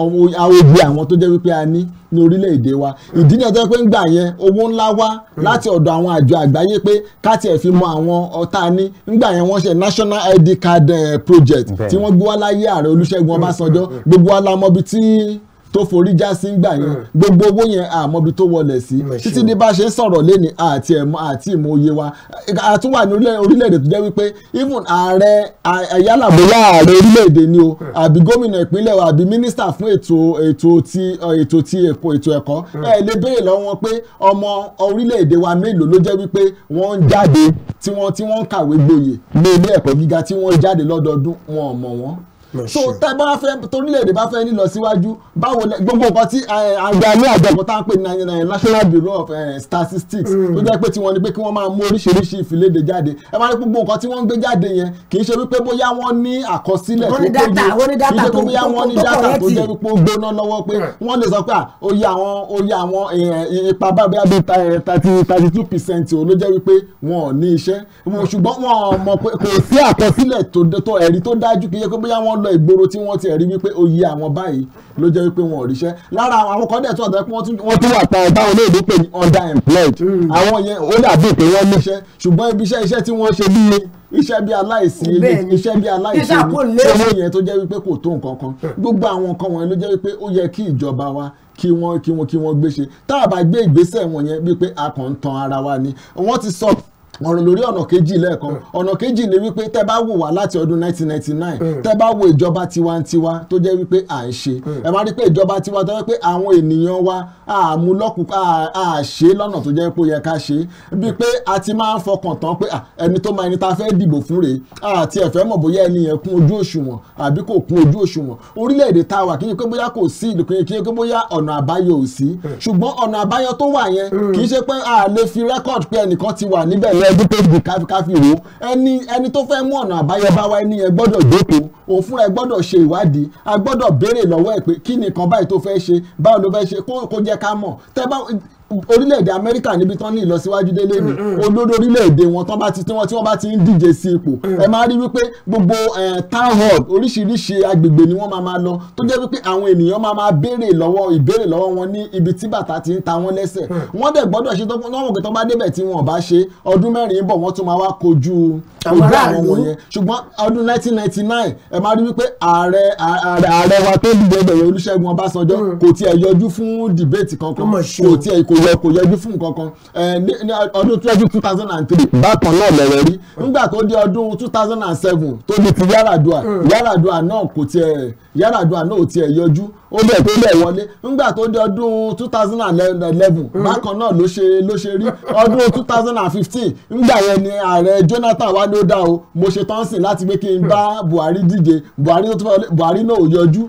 Speaker 3: àwọn awobi àwọn tó jẹ́ wípé a ní ní orílẹ̀-èdè wa ìdí náà tó yẹ pé ń gbà yẹn owó ńlá wá hmm. láti ọ̀dọ̀ àwọn àjọ àgbáyé pé ká tiẹ̀ fi mọ àwọn ọ̀tá ní ńgbà yẹn wọ́n ṣe national id card eh, project tí wọ́n gbé wá láyé ààrẹ Olúṣẹ́gun hmm. Ọbásanjọ́ gbogbo wa la mọ̀ bí tí tó forí já sí gbà yẹn mm. gbogbo owó yẹn àmọ́bi tó wọlé sí mm, títí ní bá ṣe ń sọ̀rọ̀ lẹ́ni àti ẹ̀mọ́ àti ìmọ̀ òye wa àtúwà ní orílẹ̀-èdè tó jẹ́ wípé even ààrẹ ayálàbóyá ààrẹ orílẹ̀-èdè ni o mm. àbí gómìnà ìpínlẹ̀ o àbí mínísítà fún ètò ètò ti ètò ti ètò ẹ̀kọ́ ẹ lè béèrè lọ́wọ́ wọn pé ọmọ orílẹ̀-èdè wa mélòó ló jẹ́ wípé wọ́n ń jáde tí wọ́n tí wọ́n ń kàwé gboyè ní ilé ẹ̀kọ́ gíga tí wọ́n jáde lọ́dọọdún wọn ò mọ̀ wọ́n so tẹ́ bá fẹ́ torílẹ̀-èdè bá fẹ́ nílọ síwájú báwo gbogbo nǹkan tí àgbà ní àjọpọ̀ tá à ń pè ní National Bureau of Statistics mm. tó jẹ́ pé tiwọn ni pé kí wọ́n máa mú oríṣiríṣi ìfiléde jáde ẹ máa ní gbogbo nǹkan tí wọ́n ń gbé jáde yẹn kì í ṣe wípé bóyá wọ́n ní àkọsílẹ̀ tó péye kì í ṣe bóyá wọ́n ní dátà tó jẹ́ wípé ó gbóná lọ́wọ́ pé mm. wọ́n lè sọ pé oyè àwọn oyè àwọn ipa bá lọ ìgboro tí wọ́n ti rí wípé oyè àwọn báyìí ló jẹ́ wípé wọn ò ríṣẹ́ lára àwọn kan dẹ̀ tó ọ̀dọ́ pé wọ́n tún wà pa báwọn olóògbé pè ní underemployed hmm. àwọn yẹn ó dàbí pé wọ́n níṣẹ́ ṣùgbọ́n ibi iṣẹ́ iṣẹ́ tí wọ́n ṣe bí iṣẹ́ bí aláìsí ilé iṣẹ́ bí aláìsí owó yẹn tó jẹ́ wípé kò tó nǹkan kan hmm. gbogbo àwọn nǹkan wọ̀nyẹn ló jẹ́ wípé ó yẹ kí ìjọba wa kí wọ́n kí wọ́n kí wọ́n gbé ṣe tá a bá gbé ìgbésẹ̀ wọn yẹn wípé a kàn ń tan ara wa ni wọ́n ti sọ ọ̀rọ̀ lórí ọ̀nà kejì lẹ́ẹ̀kan mm. ọ̀nà kejì ni wípé tẹ́ bá wò wá láti ọdún 1999 mm. tẹ́ bá wo ìjọba tiwantiwa tó jẹ́ wípé à ń ṣe mm. ẹ máa rí pé ìjọba tiwa tó jẹ́ pé àwọn ènìyàn wa àmú lọ́kùn à ṣe lọ́nà tó jẹ́ pé ó yẹ ká ṣe bíi pé a ti máa ń fọkàn tán pé ẹni tó máa ẹni tá a fẹ́ dìbò fún rèé àti ẹ̀fẹ́ mọ̀ bóyá ẹni yẹn kún ojú òṣùwọ̀n àbí kò kún ojú òṣùwọ̀n orílẹ̀-èdè tá a wà kíni pé bóyá kò sí ìlú kíni pé bóyá ọ̀nà àbáyọ ò sí ṣùgbọ́n ọ̀nà àbáyọ tó wà yẹn kì í ṣe pé a lè fi rẹ́kọ̀d pé ẹnìkan ti wà níbẹ̀ ẹbí péjì káfíwò ẹni ẹni tó fẹ́ mú ọ̀nà àbáyọ bá wa ẹni yẹn gbọ́dọ̀ jókòó òun fúnra ẹ gbọ́dọ̀ ṣe ìwádìí a gbọ́dọ̀ béèrè lọ́wọ́ ẹ pé kí nìkan báyìí tó fẹ́ ṣe báwo ló fẹ́ ṣe kó jẹ́ ká mọ̀ tẹ́ bá orílẹ̀-èdè amẹ́ríkà níbi tán ní ìlọsíwájú délé ni olórí orílẹ̀-èdè wọn tán bá ti tí wọ́n tí wọ́n bá ti ń díje sí ipò mm. ẹ máa rí wípé gbogbo town hall oríṣiríṣi agbègbè ni wọ́n máa máa lọ tó jẹ́ wípé àwọn ènìyàn máa máa béèrè lọ́wọ́ ìbéèrè lọ́wọ́ wọn ní ibi tí bàtà ti ń ta wọ́n lẹ́sẹ̀ mm. wọ́n dẹ̀ gbọ́dọ̀ ṣe tán wọ́n kò tán bá débẹ̀ tí wọn ò bá ṣe ọdún mẹ́rin bọ̀ wọ́n tún máa wá kojú ojú àwọn wọ̀nyẹn ṣùgbọ́n ọdún 1999 ẹ máa rí wípé ààrẹ ààrẹ wa tó dìde bẹ̀rẹ̀ Olúṣẹ́gun Ọbásanjọ́ mm. kò tiẹ̀ yọjú fún dìbẹ́ẹ̀tì kankan kò tiẹ̀ kò yẹ kò yẹjú fún nǹkan kan ní ọdún twenty two thousand and three bákan náà lọ̀rọ̀ rí hmm. nígbà tó di ọdún two thousand and seven tó di ti Yar'Adua hmm. Yar'Adua náà kò tiẹ̀ Yar'Adua náà ò tiẹ̀ yọjú ó bẹ̀ tó bẹ̀ wọlé nígbà tó di ọdún two thousand and eleven hmm. bákan náà ló ṣe ló ṣe rí ọdún two thousand and fifteen nígbà yẹn ni ààrẹ Jonathan wá ló dá o mo ṣe tán sìn láti pé kí n bá Buhari díje Buhari náà ò yọjú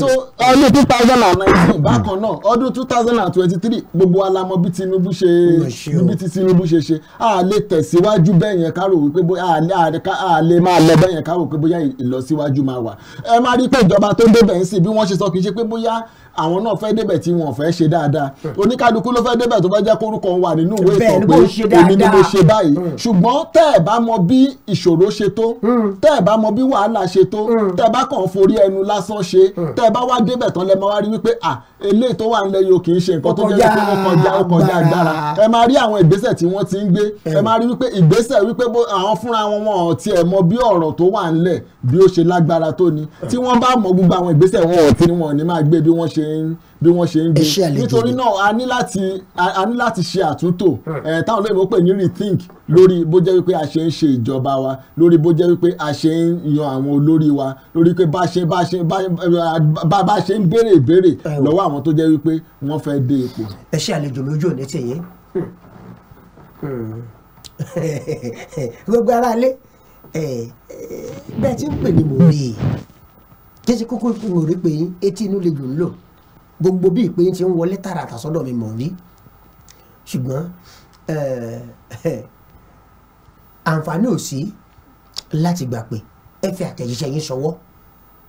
Speaker 3: so ọdún two thousand and nineteen bákan náà ọdún two thousand and twenty three gbogbo wa la mọ bí Tinubu ṣe bí ti Tinubu ṣe ṣe a lè tẹ̀síwájú bẹ́ẹ̀ yẹn ká rò wípé bóyá a lè máa lọ bẹ́ẹ̀ yẹn ká rò wípé bóyá ìlọsíwájú máa wà ẹ máa rí pé ìjọba tó débẹ̀ ń sìn bí wọ́n ṣe sọ kì í ṣe pé bóyá àwọn náà fẹ́ débẹ̀ tí wọ́n fẹ́ ṣe dáadáa oníkálukú ló fẹ́ débẹ̀ tó bá jẹ́ kórúkọ wà nínú ìwé ìtàn pé èmi ni mo ṣe báyìí hmm. ṣùgbọ́n tẹ́ ẹ̀ bá mọ bí ìṣòro ṣe tó hmm. tẹ́ ẹ̀ bá mọ bí wàhálà ṣe tó hmm. tẹ́ ẹ bá kàn forí ẹnu lásán ṣe tẹ́ ẹ bá wá débẹ̀ tán lẹ máa wá rí wípé à eléyìí tó wà nílẹ̀ yóò kì í ṣe nǹkan tó jẹ́ pé ó kọjá ó kọjá agbára ẹ máa rí àwọn ìgbésẹ̀ tí wọ́n ti ń gbé ẹ máa rí wípé ìgbésẹ̀ wípé àwọn fúnra wọn wọn ò tiẹ̀ mọ bí ọ̀rọ̀ tó wà nílẹ̀ bí ó ṣe lágbára tó ni tí wọ́n bá mọ gbogbo àwọn ìgbésẹ̀ wọn ò tí wọn ò ní máa gbé bí wọ́n ṣe ń bí wọ́n ṣe ń gbé nítorí náà a ní láti a ní láti ṣe àtúntò hmm. táwọn olóyìnbó pè ní rethink lórí bó jẹ́ wípé a ṣe ń ṣe ìjọba wa lórí bó jẹ́ wípé a ṣe ń yan àwọn olórí wa lórí pé bá ṣe bá ṣe bá bá ṣe ń béèrè ìbéèrè lọ́wọ́ àwọn tó jẹ́ wípé wọ́n fẹ́ dé ipò. ẹ ṣe àlejò lójú òní tèyí
Speaker 1: hmm. gbogbo ara lé bẹ́ẹ̀ tí ń pè ní mòrí kí ṣe kókó mòrí pé etí inú lè dùn lò gbogbo bí ìpín ti ń wọlé tààràtà sọ́dọ̀ mi mọ̀ rí ṣùgbọ́n eh, (laughs) àǹfààní ò sí láti gbà pé ẹ fi àtẹ̀jíṣẹ́ yín ṣọwọ́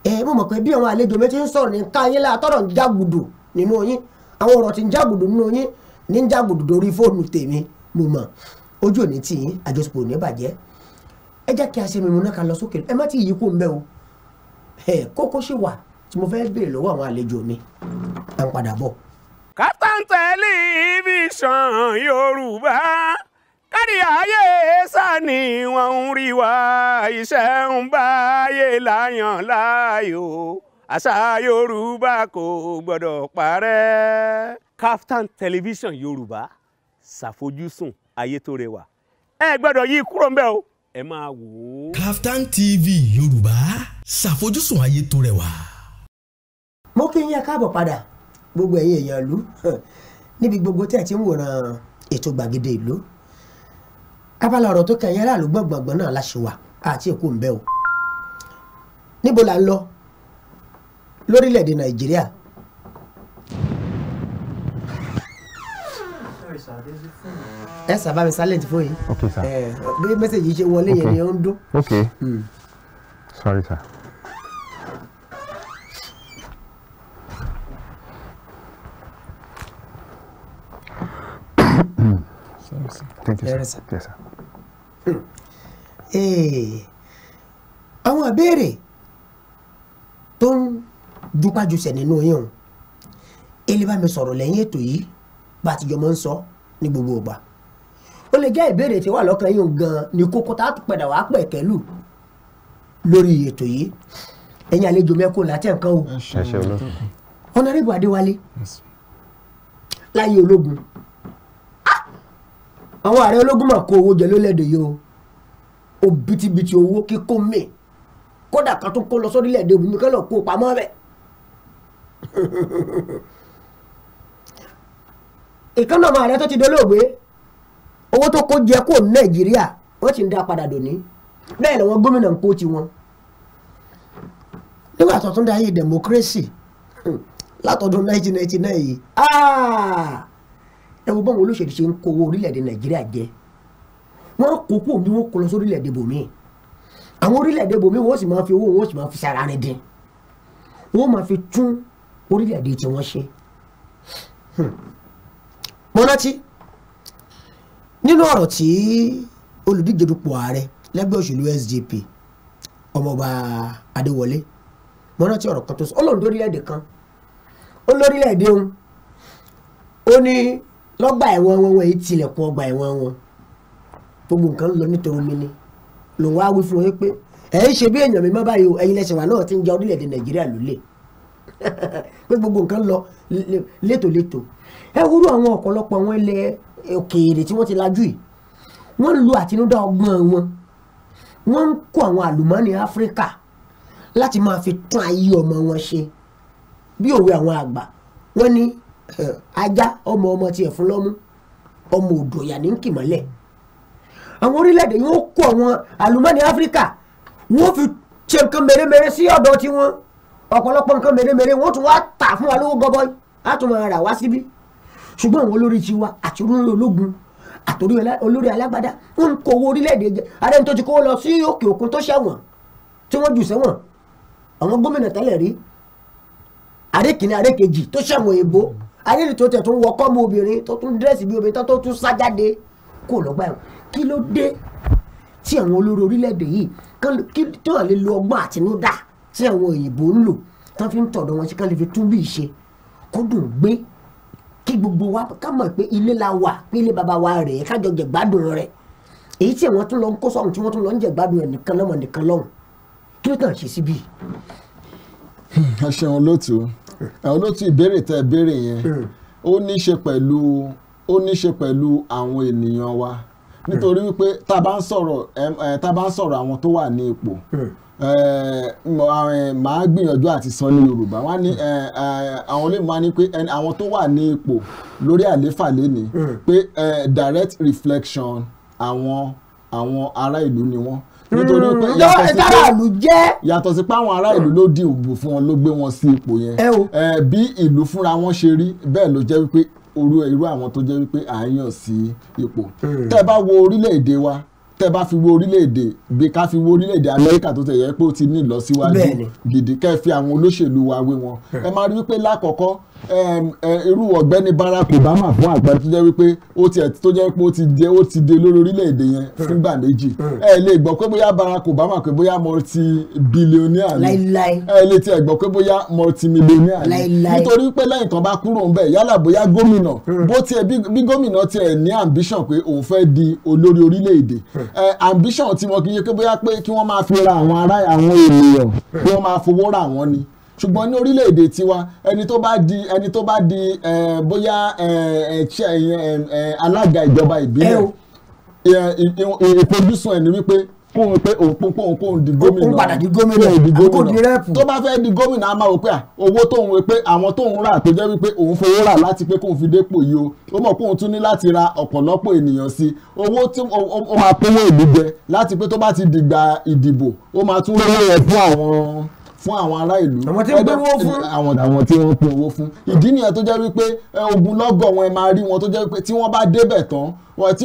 Speaker 1: ẹ eh, mọ̀ mọ̀ pé bí àwọn àlejò mi ti ń sọ̀rọ̀ ní ká yín látọ̀rọ̀ ń jágùdù nínú yín àwọn ọ̀rọ̀ ti ń jágùdù nínú yín ní ń jágùdù lórí fóònù tèmi mo mọ̀ ojú òní tì yín àjọṣepọ̀ òní bàjẹ́ ẹ jẹ́ kí a ṣe mímú náà ká lọ sókè ẹ má ti yí kó ń bẹ́ o eh, kókó ṣì wà tí mo fẹ́ béèrè lọ́wọ́ àwọn àlejò mi à ń padà bọ̀. Kaftan Television Yorùbá
Speaker 2: kárí ayé sá ni ń rí wa iṣẹ́ ń bá ayé láyàn láàyò àṣà Yorùbá kò gbọ́dọ̀ parẹ́. Kaftan Television Yorùbá ṣàfojúsùn ayé tó rẹwà
Speaker 1: ẹ gbọ́dọ̀ yí kúrò ń bẹ̀ o ẹ máa wò ó. Kaftan TV Yorùbá ṣàfojúsùn ayé tó rẹwà. mo kí yín káàbọ̀ padà gbogbo eyi èèyàn ìlú (laughs) níbi gbogbo tí ẹ ti ń wòran ètò gbàgede ìlú abala ọ̀rọ̀ tó kẹyìn aráàlú gbọ̀ngbọ̀ngbọ̀n náà la ṣe wà àti èkó o níbo la ń lọ lórílẹ̀‐èdè nàìjíríà. ẹ sábà mi silent fún bí mẹ́sàgì ṣe wọlé yẹn ni ó hmm. sorry sir. sir.
Speaker 2: Thank you, sir. Yes, sir. Yes, sir.
Speaker 1: Hmm. àwọn ìbéèrè tó ń jupájusẹ̀ nínú yín o ele bá mi sọ̀rọ̀ lẹ́yìn ètò yìí bá a ti ń sọ ní gbogbo ìgbà ó lè jẹ́ ìbéèrè tí wà lọ́kàn yín gan-an ní kókó tá a tún padà wàá pẹ̀ kẹ́lù lórí ètò yìí ẹ̀yin àlejò mẹ́kò látẹ̀ nǹkan o ọ̀nàrẹ́bù Adéwálé láyé ológun àwọn ààrẹ ológun mà kó owó jẹ lólẹ́dẹ̀ yìí o òbítíbitì owó kíkó mi kódà kan tó kó lọ sórílẹ̀-èdè òbí mi kọ́ lọ kó pamọ́ bẹ́ẹ̀. (laughs) ìkànnà ọmọ ààrẹ tó ti dolóògbé owó tó kó jẹ kó nàìjíríà wọ́n ti ń dá padà dòní bẹ́ẹ̀ lọ́wọ́ gómìnà ń kó tiwọn. nígbà tó tún dá yé democracy (laughs) látọdún 1999 yìí. Ah! ẹ wo báwọn olóṣèlú ṣe ń kó owó orílẹ̀-èdè nàìjíríà jẹ wọ́n kó kó bí wọ́n kó lọ sí orílẹ̀-èdè bòmíì àwọn orílẹ̀-èdè bòmíì wọ́n sì máa fi owó wọn sì máa fi sára rẹ̀ dín wọ́n máa fi tún orílẹ̀-èdè tí wọ́n ṣe. Hmm. mo rántí nínú ọ̀rọ̀ tí olùdíje dupò ààrẹ lẹ́gbẹ́ òṣèlú SDP ọmọọba adéwọlé mo rántí ọ̀rọ̀ kan tó sọ ọlọ́run lórílẹ̀-èdè kan ó lórílẹ̀-èdè ó ní lọ́gbà ẹ̀wọ̀n wọn wọ́n èyí tilẹ̀kùn ọgbà ẹ̀wọ̀n wọn gbogbo nǹkan lọ nítorí mi ni lòun wá wí fún wọn pé ẹ̀ ń ṣe bí èèyàn mi má báyìí o ẹ̀yin lẹ́sìn wa náà ti ń ja orílẹ̀-èdè nàìjíríà lólè (laughs) pé gbogbo nǹkan lọ létòlétò ẹ wúrú àwọn ọ̀pọ̀lọpọ̀ àwọn ilẹ̀ òkèèrè tí wọ́n ti lajú yìí wọ́n ń lo àtinúdá ọgbọ́n wọn wọ́n ń kó àwọn àlùmọ́ọ́nì áfíríkà láti máa fi tún ayé ọmọ wọn ṣe bí òwe àwọn àgbà wọ́n ní (coughs) ajá ọmọ ọmọ tiẹ̀ fún lọ́mú ọmọ òdòyà ní kì mọ́lẹ̀ àwọn orílẹ̀-èdè yóò kó àwọn àlùmọ́nì áfíríkà wọ́n fi ṣe nǹkan mèremère sí ọ̀dọ̀ tiwọn ọ̀pọ̀lọpọ̀ nǹkan mèremère wọ́n tún wá tà fún wa lówó gọbọi á tún máa rà wá síbí ṣùgbọ́n àwọn olórí tiwa àti olórí ológun àtòrí olórí alágbádá ń kó owó orílẹ̀-èdè jẹ arẹ́ni tó ti kó lọ sí òkè òkun tó ṣẹ̀wọ̀n tí wọ́n jù sẹ́wọ̀n àwọn gómìnà tẹ́lẹ̀ rí arékìnrin arékejì tó ṣẹ̀wọ̀n èbó ayélu tó tẹ̀ tó wọ kọ́mọ obìnrin tó tún dírẹ́sì bí obìnrin tó tún sá jáde kó lọ́gbà ẹ̀wọ̀n kí ló dé tí àwọn olórí orílẹ̀-èdè yìí kí tó lè lo ọgbọ́n àtinúdá tí àwọn òyìnbó ń lò tán fi ń tọ̀dọ̀ wọn sí ká lè fi tún bí ìṣe kó dùn gbé kí gbogbo wa ká mọ̀ pé ilé la wà pé ilé baba wa é kájọ jẹ gbádùn rẹ̀ èyí tí àwọn tún lọ ń kó sọ́run tí wọ́n tún lọ ń jẹ gbádùn rẹ̀ nìkan lọ́mọ nìkan lọ́hùn
Speaker 3: kí ló tàn ṣe síbí. ẹ ṣeun lótú àwọn ló ti ìbéèrè tẹ béèrè yẹn hmm. ó ní ṣe pẹ̀lú ó ní ṣe pẹ̀lú àwọn ènìyàn wa hmm. nítorí wípé tá a bá ń sọ̀rọ̀ tá a bá ń sọ̀rọ̀ àwọn tó wà ní ipò hmm. màá gbìyànjú àti sọ ní Yorùbá wọn ní àwọn olóyìnbó wọn ní pé àwọn tó wà ní ipò lórí àléfà lẹ́ni pé direct reflection àwọn àwọn ará ìlú ni wọ́n nítorí mm. pé yàtọ̀ sí pé àwọn ará ìlú ló di ògbò fún wọn ló gbé wọn sí ipò yẹn bí ìlú fúnra wọn ṣe rí bẹ́ẹ̀ ló jẹ́ wípé orú irú àwọn tó jẹ́ wípé à ń yàn sí ipò mm. tẹ́ bá wo orílẹ̀-èdè wa tẹ́ bá fi wo orílẹ̀-èdè bí ká fi wo orílẹ̀-èdè amẹ́ríkà tó tẹ̀yẹ pé ó ti ní ìlọsíwájú gidi kẹ́ fi àwọn olóṣèlú wa wé wọn mm. ẹ máa rí wípé lákọ̀ọ́kọ́ irú ọ̀gbẹ́ni Barack Obama fún àgbáyé tó jẹ́ wípé ó ti ẹ̀ tó jẹ́ wípé ó ti dé ó ti dé lórí orílẹ̀-èdè yẹn fúngbà méjì hmm. ẹ lè gbọ́ pé bóyá Barack Obama pé bóyá multi billionaire ni
Speaker 1: ẹ lè tiẹ̀
Speaker 3: gbọ́ pé bóyá multi millionaire ni nítorí pé lẹ́yìn kan bá kúrò ń bẹ̀ yálà bóyá gómìnà hmm. bó tiẹ̀ bí gómìnà tiẹ̀ ní ambition pé òun fẹ́ di olórí orílẹ̀-èdè hmm. ambition tiwọn kì í ṣe pé bóyá pé kí wọ́n máa fi ra àwọn ará àwọn ènìyàn kí wọ́n máa fowó ra àwọn ni ṣùgbọ́n ní orílẹ̀-èdè tiwa ẹni tó bá di ẹni tó bá di bóyá alága ìjọba ìbílẹ̀ ìfojúsùn ẹ̀ ni wípé kóhun pé òun kóhun kóhun di gómìnà òun padà di gómìnà àkókò di rẹ́ẹ̀pù tó bá fẹ́ di gómìnà a máa wò pé owó tóun wípé àwọn tóun rà tó jẹ́ wípé òun fowó rà láti pé kóun fi dépò yìí o ó mọ̀ kóun tún ní láti ra ọ̀pọ̀lọpọ̀ ènìyàn sí owó tí ó máa pínwó ìlú jẹ láti pé tó bá ti dìgbà ìdìbò ó máa tún rówó fún àwọn fún àwọn ará ìlú àwọn tí wọ́n pín owó fún ìdí nìyẹn tó jẹ́ wípé ogun lọ́gọ̀ wọn ẹ máa rí wọn tó jẹ́ wípé tí wọ́n bá débẹ̀ tán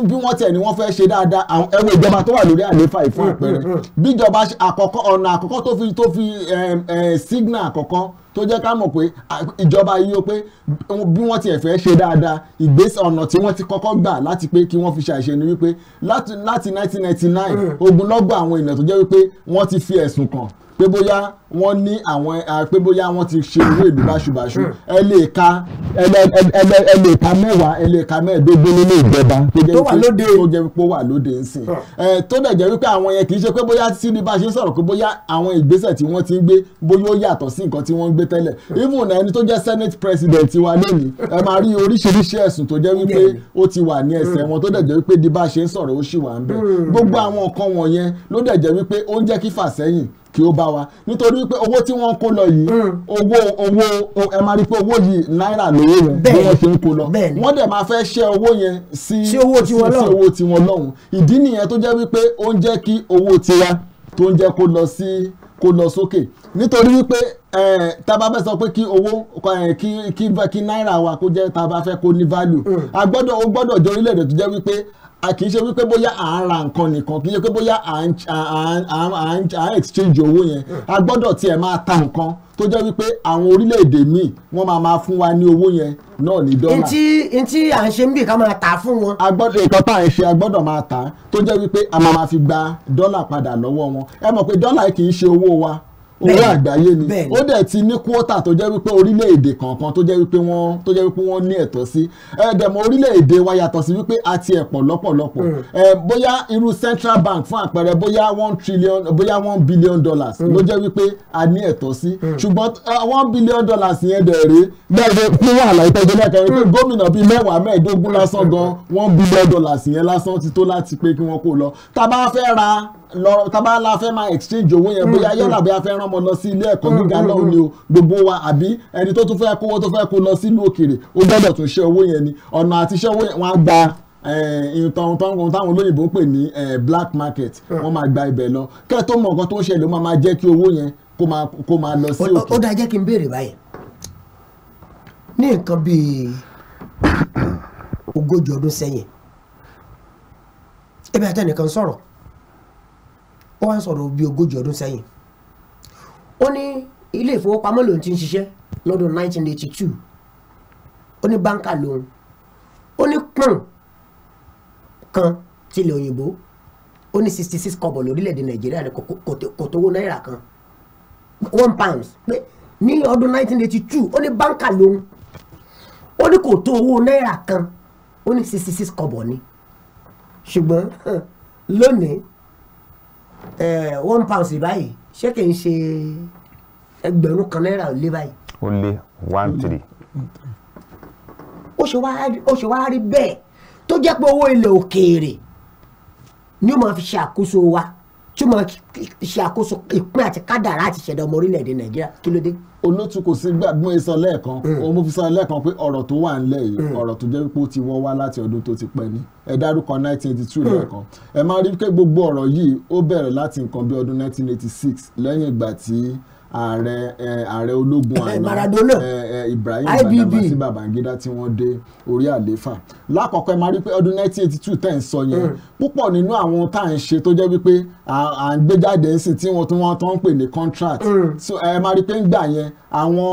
Speaker 3: bí wọ́n tẹ̀ ni wọ́n fẹ́ ṣe dáadáa ẹ̀wọ̀ ìjọba tó wà lórí àlééfà ìfún àpẹẹrẹ mm, mm, mm. bíjọba àkọ́kọ́ ọ̀nà àkọ́kọ́ tó fi tó fi signal àkọ́kọ́ tó jẹ́ ká mọ̀ pé ìjọba yìí ó pé bí wọ́n tiẹ̀ fẹ́ ṣe dáadáa ìgbésẹ̀ ọ̀nà tí wọ́n ti kọ́kọ́ gbà láti pé kí wọ́n fi ṣàìṣe ni wípé láti 1999 ogunlọ́gọ̀ àwọn ènìyàn tó jẹ́ wípé wọ́n ti fi ẹ̀sùn kàn pé bóyá wọ́n ní àwọn pé bóyá wọ́n ti ṣe irú èlú báṣubàṣu hmm. ẹ lè ka ẹ lè ka mẹ́wàá ẹ lè ka mẹ́ẹ̀ẹ́dógún nínú ìjọba tó wà lóde tó jẹ́ pé ó wà lóde ńsìn hmm. tó dẹ̀ jẹ́ wípé àwọn yẹn kì í ṣe pé bóyá sí ni bá ṣe sọ̀rọ̀ pé bóyá àwọn ìgbésẹ̀ tí wọ́n ti ń gbé bóyá ó yàtọ̀ sí nǹkan tí wọ́n ń gbé tẹ́lẹ̀ hmm. even ẹni tó jẹ́ senate president wa lónìí ẹ máa rí oríṣiríṣi ẹ̀sùn tó jẹ́ wípé ó ti wà ní ẹsẹ̀ wọn tó dẹ̀ jẹ́ wípé di bá ṣe ń sọ̀rọ̀ ó ṣì wà ń bẹ̀ gbogbo àwọn nǹkan wọ̀nyẹn ló dẹ̀ jẹ́ wípé ó ń jẹ́ kí fàsẹ́yìn kí ó bá wa nítorí pé owó tí wọ́n ń kó lọ yìí mm. owó owó ẹ máa rí pé owó yìí náírà lówó yẹn bí wọ́n ṣe ń kó lọ wọ́n dẹ̀ máa fẹ́ ṣẹ́ owó yẹn sí sí owó tiwọn lọ́hùn ìdí nìyẹn tó jẹ́ wípé ó ń jẹ́ kí owó tiwa tó ń jẹ́ kó lọ sí kó lọ sókè nítorí wípé tábà fẹ́ sọ pé kí owó kí náírà wa kó jẹ́ tábà fẹ́ kó ní value mm. a ó gbọ́dọ̀ jẹ́ orílẹ̀-èdè tó jẹ́ wípé a kì í ṣe wípé bóyá à ń ra nǹkan nìkan kì í ṣe pé bóyá à ń exchange owó yẹn a gbọ́dọ̀ tiẹ̀ máa ta nǹkan tó jẹ́ wípé àwọn orílẹ̀-èdè míì wọ́n máa máa fún wa ní owó yẹn náà ní dọ́là. ntí ntí à ń ṣe ń bì ká máa tà fún wọn. a gbọ́dọ̀ nǹkan tá à ń ṣe a gbọ́dọ̀ máa tà tó jẹ́ wípé a máa fi gba dọ́là padà lọ́wọ́ wọn ẹ mọ̀ pé dọ́là kì í ṣe owó wa
Speaker 4: òwúrọ̀ àgbáyé ni ó
Speaker 3: dẹ̀ ti ní kóòtà tó jẹ́ wípé orílẹ̀-èdè kọ̀ọ̀kan tó jẹ́ wípé wọ́n tó jẹ́ wípé wọ́n ní ẹ̀tọ́ sí ẹ̀ẹ́dẹ̀mọ̀ orílẹ̀-èdè wa yàtọ̀ sí wípé a ti ẹ̀pọ̀ lọ́pọ̀lọpọ̀ hmm. bóyá irú central bank fún àpẹẹrẹ bóyá one trillion bóyá one billion dollars ló hmm. jẹ́ wípé a ní ẹ̀tọ́ sí hmm. ṣùgbọ́n one billion dollars yẹn dẹ̀ rí bẹ́ẹ̀ ni wọ́n àlàyé tẹ́jọ́ lẹ́kẹ̀ẹ́ lọ tábà la fẹ́ máa exchange owó yẹn mm, bóyá mm. yálà bóyá fẹ́ rán ọmọ lọ sí ilé ẹ̀kọ́ mm, gíga náà ni o gbogbo wa àbí ẹni tó tún fẹ́ kówó tó fẹ́ kó lọ sílùú òkèèrè ó gbọ́dọ̀ tún ṣe owó yẹn ni ọ̀nà àti ṣe owó yẹn wọ́n á gba ìtàn eh, táwọn olóyìnbó ń pè ní eh, black market wọ́n máa gba ibẹ̀ lọ kẹ́ ẹ tó mọ nǹkan tó ń ṣẹlẹ̀ ó máa máa jẹ́ kí owó yẹn kó máa lọ sí òkè. ó dáa jẹ́ kí n béèrè báyìí
Speaker 1: ní ó wá ń sọ̀rọ̀ bíi ogójì ọdún sẹ́yìn ó ní ilé ìfowópamọ́ lòun ti ń ṣiṣẹ́ lọ́dún 1982 ó ní báńkà lòun ó ní pọ́n kan tilẹ̀ òyìnbó ó ní 66 kọ́bọ̀ lórílẹ̀‐èdè nàìjíríà ní kò tówó náírà kan one pound pé ní ọdún 1982 ó ní báńkà lòun ó ní kò tó owó náírà kan ó ní 66 kọ́bọ̀ ni ṣùgbọ́n lónìí Eh, one pound báyìí ṣé kì í ṣe ẹgbẹ̀rún kan náírà ó lé báyìí.
Speaker 2: ó lé one three.
Speaker 1: ó ṣe wá rí bẹ́ẹ̀ tó jẹ́ pé owó ilẹ̀ òkèèrè ni ó máa fi ṣàkóso wa tí mo ṣe àkóso ìpín
Speaker 3: àti kádàrá àti ìṣẹ̀dá ọmọ orílẹ̀-èdè nàìjíríà kí ló dé. olótú kò sí gbàgbọ́n ẹ sọ lẹ́ẹ̀kan hmm. òun mo fi sọ lẹ́ẹ̀kan pé ọ̀rọ̀ tó wà ńlẹ̀ yìí hmm. ọ̀rọ̀ tó jẹ́ pé ó ti wọ́ wá láti ọdún tó ti pẹ́ ni ẹ dárúkọ 1982 hmm. lẹ́ẹ̀kan ẹ máa rí pé gbogbo ọ̀rọ̀ yìí ó bẹ̀rẹ̀ láti nǹkan bí ọdún 1986 lẹ́yìn ìgbà tí ààrẹ ààrẹ ológun àná Ibrahim Badamasi Babangida tí wọ́n dé orí àléfà lákọ̀ọ́kọ́ ẹ máa rí pé ọdún 1982 tẹ̀ ń sọ yẹn mm. púpọ̀ nínú àwọn tá à ń ṣe tó jẹ́ wípé à ń gbé jáde ń sìn tí wọ́n tún wọ́n tán ń pè ní contract mm. so ẹ máa rí pé ń gbà yẹn àwọn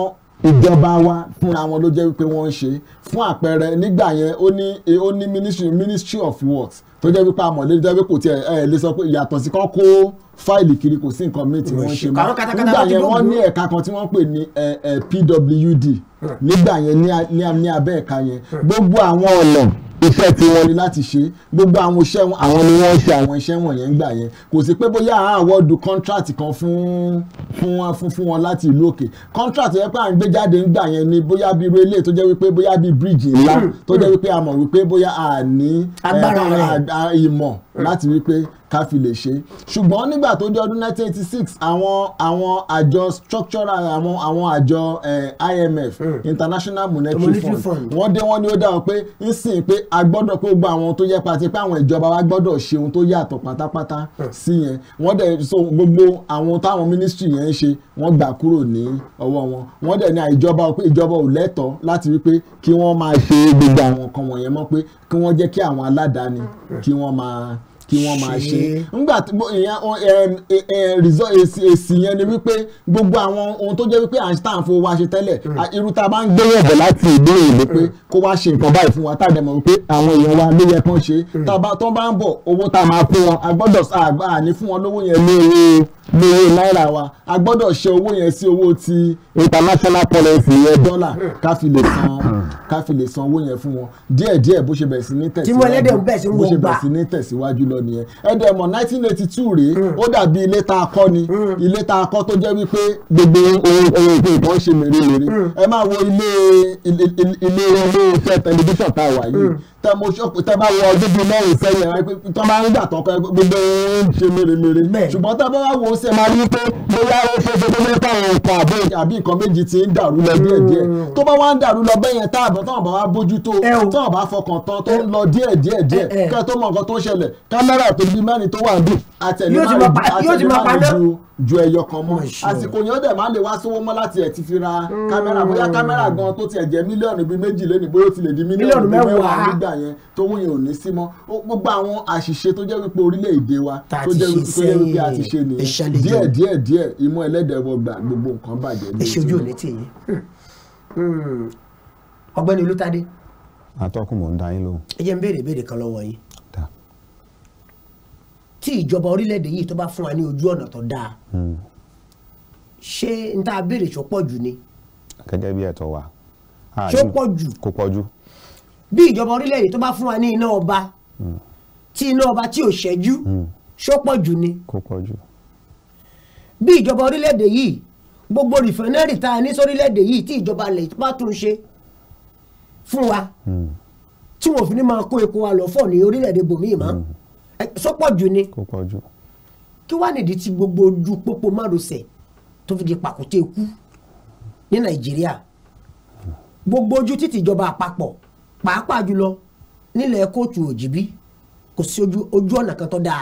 Speaker 3: ìjọba wa fúnra wọn ló jẹ́ wípé wọ́n ń ṣe fún àpẹẹrẹ nígbà yẹn ó ní ó ní ministry ministry of works tó jẹ́ wípé amọ̀lé jẹ́ wípé kò tiẹ̀ ẹ lè sọ pé yàtọ̀ sí kán kó fáìlì kiri kò sí nǹkan míì tí wọ́n ṣe mọ́ nígbà yẹn wọ́n ní ẹ̀ka kan tí wọ́n pè ní PWD hmm. nígbà yẹn ní abẹ́ ẹ̀ka yẹn hmm. gbogbo àwọn ọ̀nà iṣẹ́ tí wọ́n ní láti ṣe gbogbo àwọn iṣẹ́ àwọn ni wọ́n ṣe àwọn iṣẹ́ wọ̀nyẹn ń gbà yẹn kò sí pé bóyá àwọ̀dù contract kan fún fún wọn fún fún wọn láti ìlú òkè contract yẹn pé à ń gbé jáde ń gbà yẹn ni bóyá bí irú ilé tó jẹ́ wípé bóyá bí bíríìjì ńlá tó jẹ́ wípé a mọ̀ wípé bóyá a ní eh, ìmọ̀ láti rí pé ká fi lè ṣe ṣùgbọ́n nígbà tó di ọdún 1986 àwọn àwọn àjọ structural àwọn àwọn àjọ eh, IMF hmm. International Monetary Fund wọ́n dé wọ́n ní ó dáhùn pé ń sìn pé a gbọ́dọ̀ pé gbogbo àwọn tó yẹ pàtí pé àwọn ìjọba wa gbọ́dọ̀ ṣe ohun tó yàtọ̀ pátápátá hmm. sí yẹn wọ́n dẹ̀ so gbogbo àwọn táwọn ministry yẹn ń ṣe wọ́n gbà kúrò ní ọwọ́ wọn wọ́n dẹ̀ ní àìjọba pé ìjọba ò lẹ́tọ̀ọ́ láti rí pé kí wọ́n máa ṣe gbogbo àwọn nǹkan wọ̀nyẹn mọ́ pé kí wọ́n jẹ́ kí àwọn aládàáni kí wọ́n máa kí wọ́n máa ṣe nígbà tí èsì yẹn ni wípé gbogbo àwọn ohun tó jẹ́ wípé à ń tà ń fowó wa ṣe tẹ́lẹ̀ hmm. irú tá a bá ń gbé yẹ̀bẹ̀ láti ìbéèrè ìlú pé hmm. kó wá ṣe nǹkan báyìí fún wa tá a dẹ̀ mọ̀ wípé àwọn èèyàn wa ló yẹ kán ṣe hmm. tó bá ń bọ̀ owó tá a máa fún wọn a gbọ́dọ̀ àní fún wọn lówó yẹn lóore o lówó náírà wa a gbọ́dọ̀ ṣe owó yẹn sí owó ti international currency yẹn dọ́là ká fi lè san ká fi lè san owó yẹn fún wọn díẹ̀díẹ̀ bó ṣe bẹ̀rẹ̀ sí ní tẹ̀síwájú bó ṣe bẹ̀rẹ̀ sí ní tẹ̀síwájú lọ nìyẹn ẹ̀dẹ̀ mọ̀ 1982 rèé ó dàbí ilé tá a kọ́ ni mm. ilé tá a kọ́ tó jẹ́ wípé gbogbo ohun ohun ìpín ìtàn ṣe mèremère mm. ẹ máa wo ilé ilé ilé iṣẹ́ tẹlifíṣàn tá a wà yìí mm tẹmọ ṣọpù tẹmọ wọ ọdún bíi mẹ́rin sẹ́yìn ẹ tọ́ máa ń gbà tọkọ gbogbo ń ṣe mèremère ṣùgbọ́n tẹ́ bá wà ṣe máa rí pé bóyá ó ṣe ṣe bóyá táwọn nǹkan àbẹ àbí nǹkan méjì ti ń dàrú lọ díẹ̀ díẹ̀ hmm. tó bá wá ń dàrú lọ bẹ́yẹn tá àbọ̀ táwọn bá wá bójú tó táwọn bá fọkàn tán tó ń lọ díẹ̀ díẹ̀ díẹ̀ kẹ́ tó mọ nǹkan tó ṣẹlẹ̀ kámẹ́rà tó bí mẹ́rin tó wà ń ju ẹyọ kan mọ oh, àsìkò yẹn dẹ̀ máa lè wá sówó mọ́ láti ẹ̀ ti fi ra kámẹ́rà bóyá kámẹ́rà hmm. gan tó tiẹ̀ jẹ́ mílíọ̀nù bíi méjì lé ní bóyá ó ti lè di mílíọ̀nù mẹ́wàá nígbà gbà yẹn tó mú yẹn ò ní sí mọ́ gbogbo àwọn àṣìṣe tó jẹ́ wípé orílẹ̀-èdè wa tó jẹ́ wípé a ti ṣe nìyẹn díẹ̀ díẹ̀ díẹ̀ imú ẹlẹ́dẹ̀ẹ́wọ̀ gbà gbogbo nǹkan bàjẹ́ ní ìṣojú òní tì yín
Speaker 1: ọ̀gbẹ́ni olùtadé.
Speaker 2: àtọkùn mò ń da yín lóhùn.
Speaker 1: ẹ jẹ́ ń béèrè ìbéèrè kan lọ́wọ́ yín. tí ìjọba orílẹ̀-èdè yìí tó bá fún wa ní ojú ọ̀nà tó dáa hmm. ṣé n ta béèrè ṣó pọ̀ jù ni. gẹ́gẹ́ bí ìjọba orílẹ̀-èdè tó bá fún wa ní iná ọba hmm. tí iná ọba tí ò ṣẹ́jú hmm. ṣó jù ni kò pọ̀ jù bí ìjọba orílẹ̀-èdè yìí gbogbo rìfẹ́nẹ́rì tá a ní sórílẹ̀-èdè yìí tí ìjọba ilẹ̀ bá tún ṣe fún wa hmm. tí wọn fi ní máa kó epo wa lọ́fọ̀ ní orílẹ̀-èdè bòmíì mọ́ ṣó jù ni kò pọ̀ jù kí wàá nìdí tí gbogbo ojú pópó márosẹ̀ tó fi di pàkúté ikú ní nàìjíríà gbogbo ojú títí ìjọba àpapọ̀ pàápàá jùlọ nílẹ̀ kóòtù òjìbí kò sí ojú ọ̀nà kan tó dáa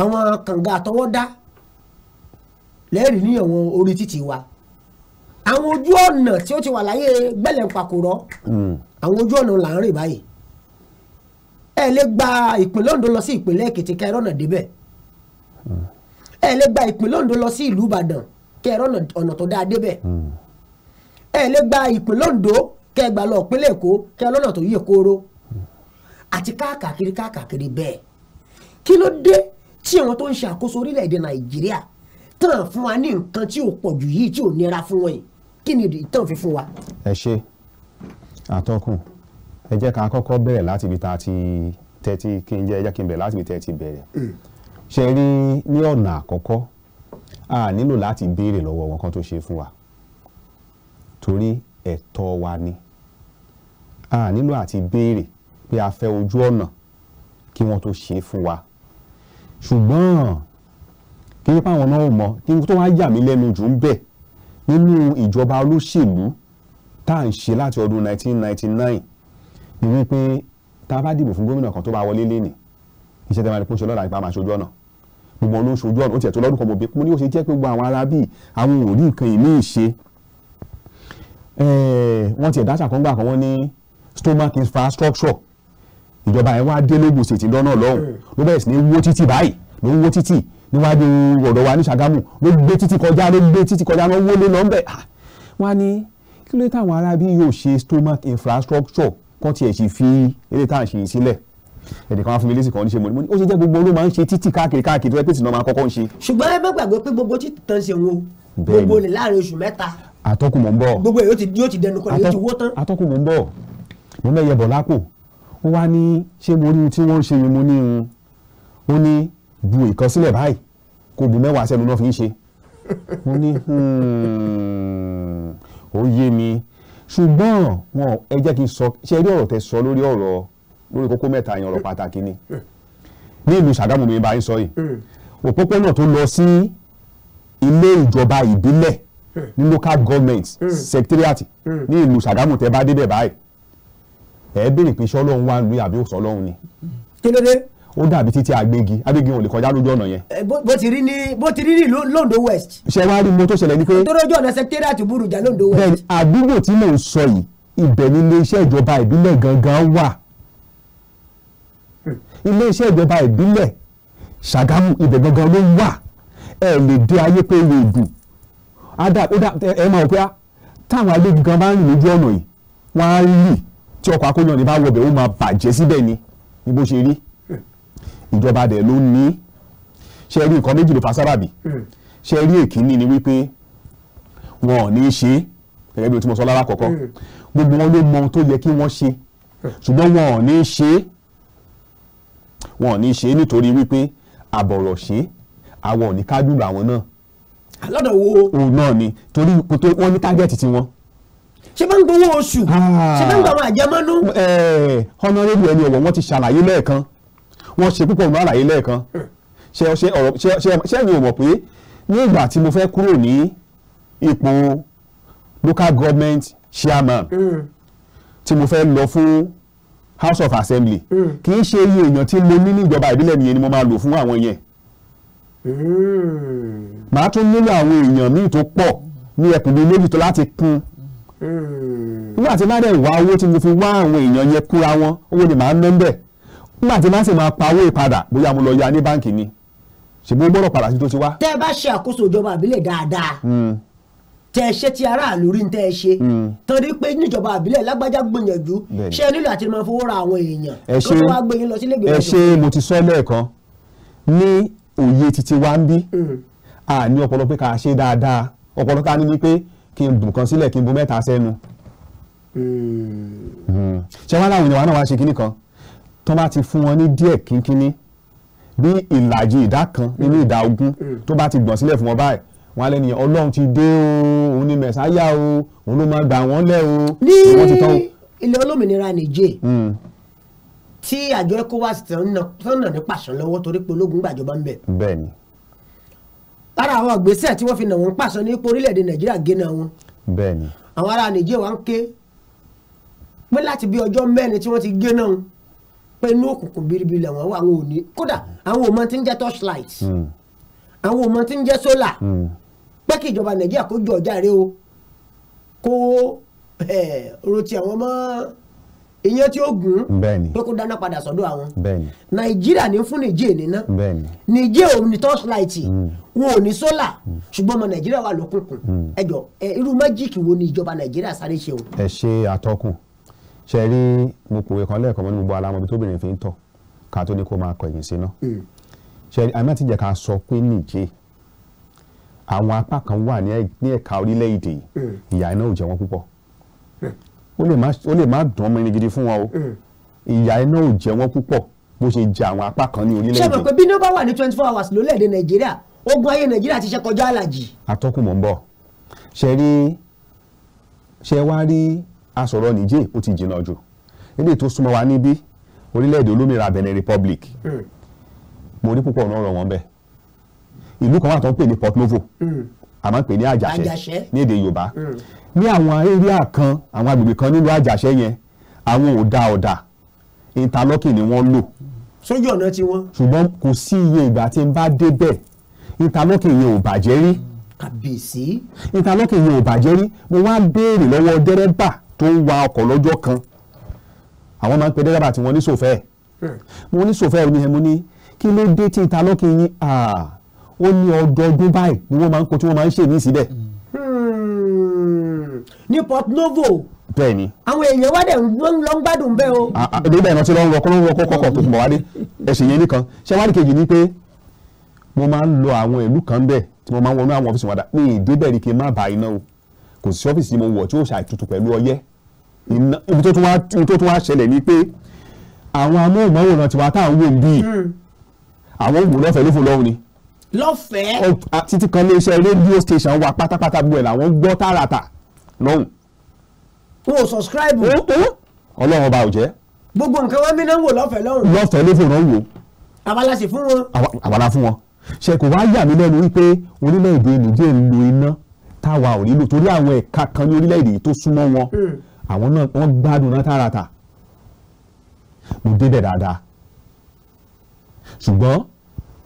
Speaker 1: àwọn kànga àtọwọ́dá lẹ́rìí ní àwọn orí títì wa àwọn ojú ọ̀nà tí ó ti wà láyé gbẹ̀lẹ̀ pàkúrọ̀ hmm. àwọn ojú ọ̀nà là ń rìn báyìí ẹ lè gba ìpínlẹ̀ Ondo lọ sí ìpínlẹ̀ Èkìtì kẹrọ̀nà débẹ̀ hmm. ẹ lè gba ìpínlẹ̀ Ondo lọ sí ìlú Ìbàdàn kẹrọ̀nà ọ̀nà tó dáa débẹ̀ hmm. ẹ lè gba ìpínlẹ̀ Ondo kẹ́ ẹ gbà lọ ìpínlẹ̀ èkó kẹ́ ẹ lọ́nà tó yẹ kóró àti káàkiri káàkiri bẹ́ẹ̀ kí ló dé tí àwọn tó ń ṣe àkóso orílẹ̀-èdè nàìjíríà tàn fún wa ní nǹkan tí ò pọ̀ jù yìí tí ò nira fún wọn kí ni ìtàn fi fún wa.
Speaker 2: ẹ ṣe àtọkùn ẹ jẹ́ ká kọ́kọ́ bẹ̀rẹ̀ láti ibi tá a ti tẹ́tí kí n jẹ́ ẹ jẹ́ kí n bẹ̀rẹ̀ láti ibi tẹ́tí bẹ̀rẹ̀ hmm. ṣe rí ní ọ̀nà àkọ́kọ́ a nílò láti béèrè lọ́wọ́ wọn kan tó ṣe fún wa torí ẹ̀tọ́ wa ni a nílò àti béèrè pé a fẹ́ ojú ọ̀nà kí wọ́n tó ṣe é fún wa ṣùgbọ́n kí nípa àwọn náà mọ̀ kí n tó wá yà mí lẹ́nu jù ń bẹ̀ nínú ìjọba olóṣèlú tá à ń ṣe láti ọdún 1999 ni wípé tá a bá dìbò fún gómìnà kan tó bá wọlé lénìí iṣẹ́ tẹ́ máa ní kó ṣe lọ́la nípa máa ṣojú ọ̀nà gbogbo ló ń ṣojú ọ̀nà ó tiẹ̀ tó lọ́dún kan bòbí mo ní ó ṣe jẹ́ pé gbogbo àwọn ará bíi àwọn ò rí nǹkan ìmí ìṣe wọ́n tiẹ̀ dáṣà kan gbà kan wọ́n ní stomach infrastructure ìjọba ẹ̀ wá délé gbòsè tí lọ́nà lọ́hùn hmm. ló bẹ̀rẹ̀ sí ní wó títì báyìí ló ń wó títì níwájú ọ̀dọ̀ wa ní Ṣàgámù ló gbé títì kọjá ló gbé títì kọjá ló wó lé lọ́nbẹ̀ ah, wọ́n á ní kí ló táwọn ará bí yóò ṣe stomach infrastructure kan tiẹ̀ sì fi eré tá à ń ṣe yìí sílẹ̀ ẹnì kan wá fún mi lẹ́sìn kan ní ṣe mo ní ó ṣe jẹ́ gbogbo ló máa ń ṣe títì káàkiri káàkiri tó yẹ pé tìǹà máa kọ́kọ́ ń ṣe. ṣùgbọ́n ẹ bá gbàgbé
Speaker 1: pé gbogbo títì tán ṣe wo gbogbo ní láàrin oṣù mẹ́ta.
Speaker 2: àtọ́kùn mò ń bọ̀.
Speaker 1: gbogbo èyí yóò ti dẹnu kọlẹ̀
Speaker 4: yóò
Speaker 2: ti wó tán.
Speaker 1: àtọ́kùn ń bọ̀
Speaker 2: mo mẹ́yẹ bọ̀ lápò ó wá ní ṣé mo rí ohun tí wọ́n ń ṣe yẹn mo ní un ó ní bu ìkọsílẹ̀ báyìí kó bu mẹ́wàá sẹ́nu náà fi ń ṣe mo ní hmm, ó yé mi
Speaker 4: ṣùgbọ́n
Speaker 2: wọn ẹ jẹ́ kí n sọ ṣe rí ọ̀rọ̀ tẹ sọ lórí ọ̀rọ̀ lórí kókó mẹ́ta yẹn ọ̀rọ̀ pàtàkì ni ní ìlú Ṣàgámù mi bá ń sọ yìí òpópónà tó lọ sí ilé ìjọba ìbílẹ̀ ní local government hmm. Hmm. secretariat ní ìlú Ṣàgámù tẹ bá débẹ̀ báyìí ẹ béèrè pé sọlọ́run wà lóyún àbí òsọlọ́run ni. kí ló dé. ó dàbí títí agbègi agbègi wọn lè kọjá lójú ọ̀nà yẹn.
Speaker 1: bó ti rí ní bó ti rí ní Londo West.
Speaker 2: ṣé wàá rí mo tó ṣẹlẹ̀ ni pé. tó
Speaker 1: lójú ọ̀nà sẹkítẹ́rìàtì burújà Londo West. bẹ́ẹ̀ni
Speaker 2: àdúgbò tí mò ń sọ yìí ibẹ̀ ni iléeṣẹ́ ìjọba ìbílẹ̀ gangan wà iléeṣẹ́ ìjọba ìbílẹ̀ Ṣàgámù ibẹ̀ gangan ló wà ẹ lè dé ayé pé ròdù ẹ máa wọ pé táwọn agbègbè gan bá ń rìn lójú ọ̀nà yìí wọ́n á rìn tí ọkọ̀ akóyọ̀ ní bá wọbẹ̀ ó máa bàjẹ́ síbẹ̀ ni ní bó ṣe rí ìjọba dẹ̀ ló ní ṣe rí nǹkan méjì ló fa sábàbí hmm. ṣe rí èkínní ni wípé wọn ò ní í ṣe gẹ́gẹ́ bí o ti mọ̀ sọ lára kọ̀ọ̀kan hmm. gbogbo wọn ló mọ ohun tó yẹ kí wọ́n ṣe hmm. ṣùgbọ́n wọn ò ní í ṣe wọn ò ní í ṣe nítorí wípé àbọ̀rọ̀ ṣe àwọn ò ní ká dùn àwọn náà. alọ́dọ̀ wo. òun náà ni torí wọ́n ní tágẹ́ẹ̀tì tiwọn ṣé bá ń gbowó oṣù ah. ṣé bá ń gbà wọn àjẹmọ́nú. Eh, honorable ẹni ọ̀wọ̀ wọ́n ti ṣàlàyé lẹ́ẹ̀kan wọ́n ṣe púpọ̀ mọ́ àlàyé lẹ́ẹ̀kan hmm. ṣe ọ̀rọ̀ ṣe ẹ̀yin ò mọ̀ pé ní ìgbà tí mo fẹ́ kúrò ní ipò local government chairman hmm. tí mo fẹ́ lọ fún house of assembly hmm. kì í ṣe iye èèyàn tí mo ní níjọba ìbílẹ̀ nìyẹn ni mo máa lò fún àwọn yẹn màá tún nílò àwọn èèyàn míì tó pọ̀ ní ẹkùn méjì tó láti kún nígbà tí máa dẹ̀ wá owó tí mo fi wá àwọn èèyàn yẹn kúra wọn owó ni màá ná bẹ́ẹ̀ nígbà
Speaker 1: tí máa sì máa pa owó ìpadà bóyá mo lọ ya ní báǹkì ni ṣùgbọ́n ó gbọ́dọ̀ padà sí tó ti wá. tẹ́ ẹ bá ṣe àkóso ìjọba àbílẹ̀ dáadáa hmm. tẹ́ ẹ ṣe ti aráàlú rí tẹ́ ẹ ṣe hmm. torí pé níjọba àbílẹ̀ lágbájá gbìyànjú ṣe nílò àti máa fowó ra àwọn èèyàn kó tó wá gbé yín lọ sí lẹ́gbẹ̀ẹ́ ẹ ṣe
Speaker 2: mo ti sọ titi wa ń bí àní hmm. ọ̀pọ̀lọpọ̀ ká ṣe dáadáa ọ̀pọ̀lọpọ̀ kí n bù kan sílẹ̀ kí n bu mẹ́ta sẹ́nu.
Speaker 1: Hmm.
Speaker 2: ṣé wọn láwọn èèyàn wa náà wá ṣe kínní kan tó bá ti fún wọn ní díẹ̀ kínkínní bí ìlàjì ìdá kan nínú ìdá ogún tó bá ti gbọ̀n sílẹ̀ fún wọn báyìí wọn alẹ́ nìyẹn ọlọ́run ti dé o òun ni mẹ̀sáyà o òun ló máa gbà wọ́n lẹ̀ o
Speaker 4: wọ́n ti o.
Speaker 1: ilé olómìnira nìjẹ́ hmm. tí àjọ ECOWAS tó ń nà ní pàṣán lọ́wọ́ torí pé ológun gbàjọba ń bẹ̀. bẹ́ẹ̀ni lára àwọn ìgbésẹ̀ tí wọ́n fi nà wọ́n pàṣẹ ní ipò orílẹ̀-èdè nàìjíríà génà wọn. bẹ́ẹ̀ni. àwọn ará nàìjíríà wa ń ké pé láti bí ọjọ́ mẹ́rin tí wọ́n ti génà wọn pé inú òkùnkùn biribiri làwọn wà àwọn òní kódà àwọn ò mọ tí ń jẹ́ torchlight hmm. àwọn ò mọ tí ń jẹ́ solar hmm. pé kí ìjọba nàìjíríà kó jọ ọjà rẹ o kó eh, ro àwọn mọ́ ìyẹn tí ó gùn pé kó dáná padà sọ́dọ̀ àwọn nàìjíríà ní fún nìjẹ́ níná nìjẹ́ òun ní torchlight hmm. wọn ò ní sólà hmm. ṣùgbọ́n ọmọ nàìjíríà wà lókùnkùn hmm. ẹjọ irú májíìkì wo ni ìjọba nàìjíríà sáré ṣe o.
Speaker 2: ẹ ṣe àtọkùn ṣe rí mo pòwe kan lẹ́ẹ̀kan mọ́ ní gbogbo alamọ́bi tóbìnrin fi ń tọ̀ ká tó ní kó máa kọ̀yìn sí ná ṣe rí àmì àtijọ́ ká sọ pé nìjẹ́ àwọn apá kan wà ní ẹ̀ka orílẹ̀-èdè ó lè má dán mẹ́rin gidi fún wọn o mm. ìyà iná ò jẹ wọ́n púpọ̀ bó ṣe jẹ àwọn apá kan ní orílẹ̀-èdè. ṣé mo
Speaker 1: pé bí iná bá wà ní twenty four hours lórílẹ̀-èdè nàìjíríà ogun ayé nàìjíríà ti ṣe kọjá àlàjì.
Speaker 2: atọ́kùn mọ̀ ń bọ̀ ṣe rí ṣe wá rí asọ̀rọ̀ nìjẹ́ ó ti jìnnà jù ilé tó súnmọ́ wa níbí orílẹ̀-èdè olómìnira benin republic mm. mo rí púpọ̀ náà rọ̀ wọ́n bẹ́ẹ̀ ìlú kan wà tó ń pè ní port novo. Mm a máa ń pè ní àjàṣẹ ní èdè yorùbá hmm.
Speaker 4: ní àwọn area kan
Speaker 2: àwọn agbègbè kan nílùú àjàṣẹ yẹn àwọn ò ọ̀dà interlocking ni wọ́n lò. sójú ọ̀nà tiwọn. ṣùgbọ́n kò sí iye ìgbà tí n bá débẹ̀ interlocking yẹn ò bàjẹ́ rí. kàbíyèsí. interlocking yẹn ò bàjẹ́ rí mo wá béèrè lọ́wọ́ dẹ́rẹ́bà tó ń wa ọkọ̀ lọ́jọ́ kan àwọn máa ń pe dẹ́rẹ́bà tí wọ́n ní sòfẹ́ hmm. mo ní sòfẹ́ ní ẹ mo ní kí ló dé tí interlocking yín ó ní ọdọọdún báyìí ni wọ́n máa ń kó tí wọ́n máa ń ṣe ní síbẹ̀.
Speaker 1: Hmm. ní Port Novo. bẹ́ẹ̀ni. àwọn èèyàn wá dẹ̀ ń lọ ń gbádùn bẹ́ẹ̀ o. níbẹ̀
Speaker 2: ah, ah, ìrántí lọ́rùn rọ kọ́lọ́run rọ kọ́kọ́ tó túnbọ̀ wá dé ẹ̀sìn yẹn nìkan ṣé wá ní kejì ni pé mo máa ń lọ àwọn ìlú kan bẹ́ẹ̀ tí mo máa ń wọnú àwọn ọ́fíìsì wọn dà mí ni kí n má ba iná o kò sí ọ́fíìsì mo wọ̀ tí ó ṣàtútù pẹ̀lú ọyẹ́ ibi tó tún wá ṣẹlẹ̀ ni pé àwọn amóhùnmáwòrán tiwa tá à ń
Speaker 1: lọ́fẹ̀ẹ́.
Speaker 2: títí kan iléeṣẹ́ rédíò station wa pátápátá gbogbo ẹ̀ làwọn gbọ́ tààràtà lọ́hùn.
Speaker 1: n ò sọ̀scribe. ọlọ́run ọba ò jẹ́. gbogbo nǹkan wọn mìíràn wò lọ́fẹ̀ẹ́ lọ́rùn.
Speaker 2: lọ́fẹ̀ẹ́ ló fòràn wò.
Speaker 1: àbálá sì fún wọn.
Speaker 2: àbálá fún wọn. ṣe kò wá yà mí lẹ́nu wípé orílẹ̀-èdè nìjẹ́ ń lo iná táwa ò nílò torí àwọn ẹ̀ka kan ní orílẹ̀-èdè yìí tó súnmọ́ wọn hmm. àwọn náà wọ́n gbádùn náà tààràtà mo débẹ̀ dáadáa ṣùgbọ́n